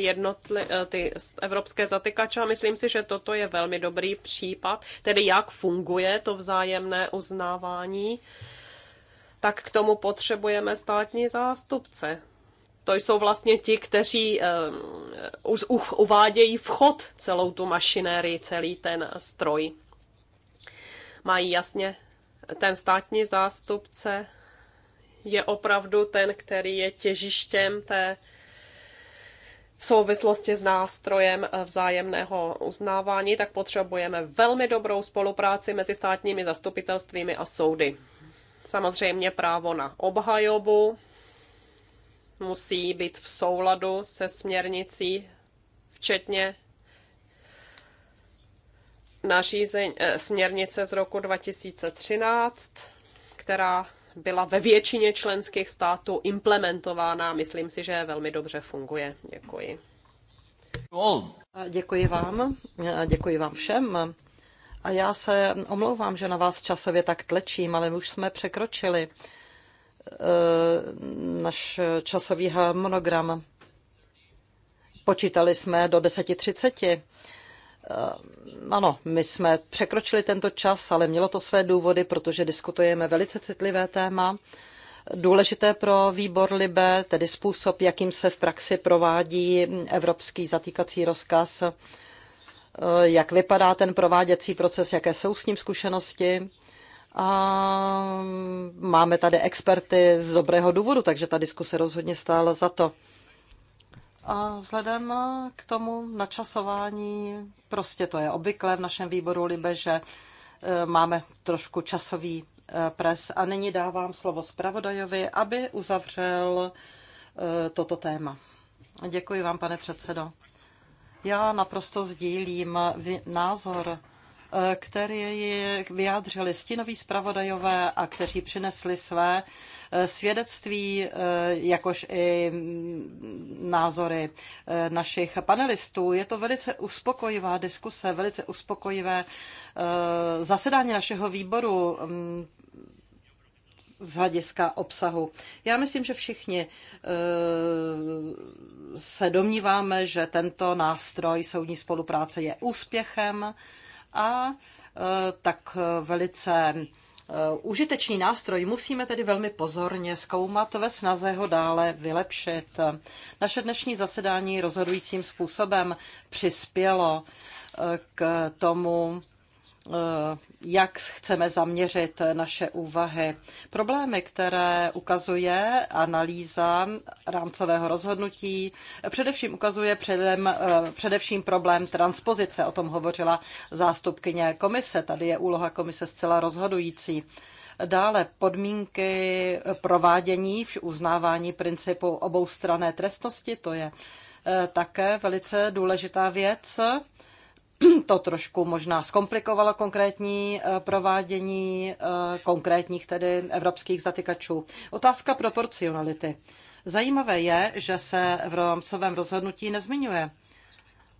jednotli, eh, ty evropské zatykače a myslím si, že toto je velmi dobrý případ, tedy jak funguje to vzájemné uznávání, tak k tomu potřebujeme státní zástupce. To jsou vlastně ti, kteří uvádějí vchod celou tu mašinérii, celý ten stroj. Mají jasně ten státní zástupce je opravdu ten, který je těžištěm té v souvislosti s nástrojem vzájemného uznávání, tak potřebujeme velmi dobrou spolupráci mezi státními zastupitelstvími a soudy. Samozřejmě právo na obhajobu musí být v souladu se směrnicí, včetně nařízení, eh, směrnice z roku 2013, která byla ve většině členských států implementována. Myslím si, že velmi dobře funguje. Děkuji. Děkuji vám. Děkuji vám všem. A já se omlouvám, že na vás časově tak tlečím, ale už jsme překročili eh, náš časový harmonogram. Počítali jsme do 10.30 Eh, ano, my jsme překročili tento čas, ale mělo to své důvody, protože diskutujeme velice citlivé téma, důležité pro výbor Libe, tedy způsob, jakým se v praxi provádí evropský zatýkací rozkaz, eh, jak vypadá ten prováděcí proces, jaké jsou s ním zkušenosti. A máme tady experty z dobrého důvodu, takže ta diskuse rozhodně stála za to. A vzhledem k tomu načasování, prostě to je obvyklé v našem výboru Libe, že e, máme trošku časový e, pres. A nyní dávám slovo zpravodajovi, aby uzavřel e, toto téma. Děkuji vám, pane předsedo. Já naprosto sdílím názor který vyjádřili stinoví zpravodajové a kteří přinesli své eh, svědectví, eh, jakož i mm, názory eh, našich panelistů. Je to velice uspokojivá diskuse, velice uspokojivé zasedání našeho výboru mm, z hlediska obsahu. Já myslím, že všichni se domníváme, že tento nástroj soudní spolupráce je úspěchem a e, tak velice e, užitečný nástroj musíme tedy velmi pozorně zkoumat ve snaze ho dále vylepšit. Naše dnešní zasedání rozhodujícím způsobem přispělo e, k tomu, Eh, jak chceme zaměřit naše úvahy. Problémy, které ukazuje analýza rámcového rozhodnutí, především ukazuje předem, eh, především problém transpozice. O tom hovořila zástupkyně komise. Tady je úloha komise zcela rozhodující. Dále podmínky provádění v uznávání principu oboustrané trestnosti, to je eh, také velice důležitá věc. to trošku možná zkomplikovalo konkrétní eh, provádění eh, konkrétních tedy evropských zatykačů. Otázka proporcionality. Zajímavé je, že se v rámcovém rozhodnutí nezmiňuje.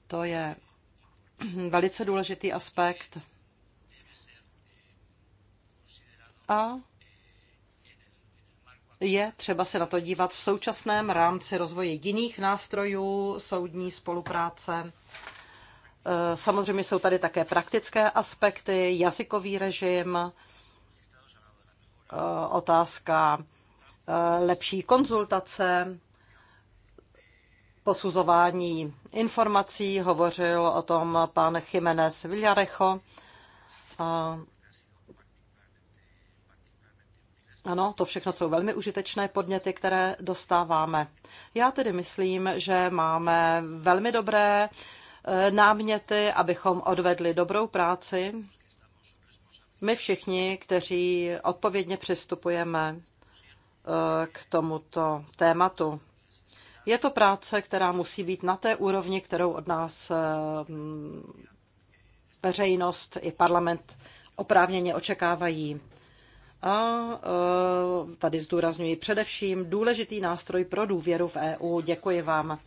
To je velice důležitý aspekt. A je třeba se na to dívat v současném rámci rozvoje jiných nástrojů soudní spolupráce Eh, samozřejmě jsou tady také praktické aspekty, jazykový režim, eh, otázka eh, lepší konzultace, posuzování informací, hovořil o tom pan Jiménez Villarejo. Ano, to všechno jsou velmi užitečné podněty, které dostáváme. Já tedy myslím, že máme velmi dobré Eh, náměty, abychom odvedli dobrou práci. My všichni, kteří odpovědně přistupujeme eh, k tomuto tématu. Je to práce, která musí být na té úrovni, kterou od nás eh, mm, veřejnost i parlament oprávněně očekávají. A tady zdůrazňuji především důležitý nástroj pro důvěru v EU. Děkuji vám.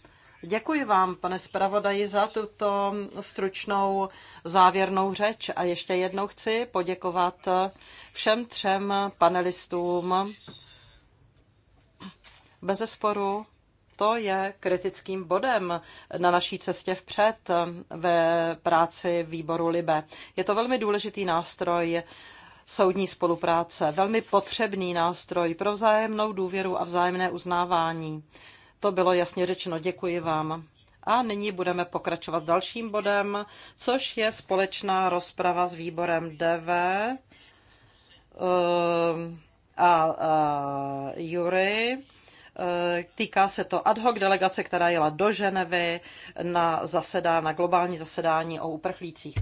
Děkuji vám, pane zpravodaji, za tuto stručnou závěrnou řeč a ještě jednou chci poděkovat všem třem panelistům. Bezesporu to je kritickým bodem na naší cestě vpřed ve práci výboru Libe. Je to velmi důležitý nástroj soudní spolupráce, velmi potřebný nástroj pro vzájemnou důvěru a vzájemné uznávání. To bylo jasně řečeno. Děkuji vám. A nyní budeme pokračovat dalším bodem, což je společná rozprava s výborem DV eh, a, a Jury. Eh, týká se to ad hoc delegace, která jela do Ženevy na, zasedá, na globální zasedání o uprchlících.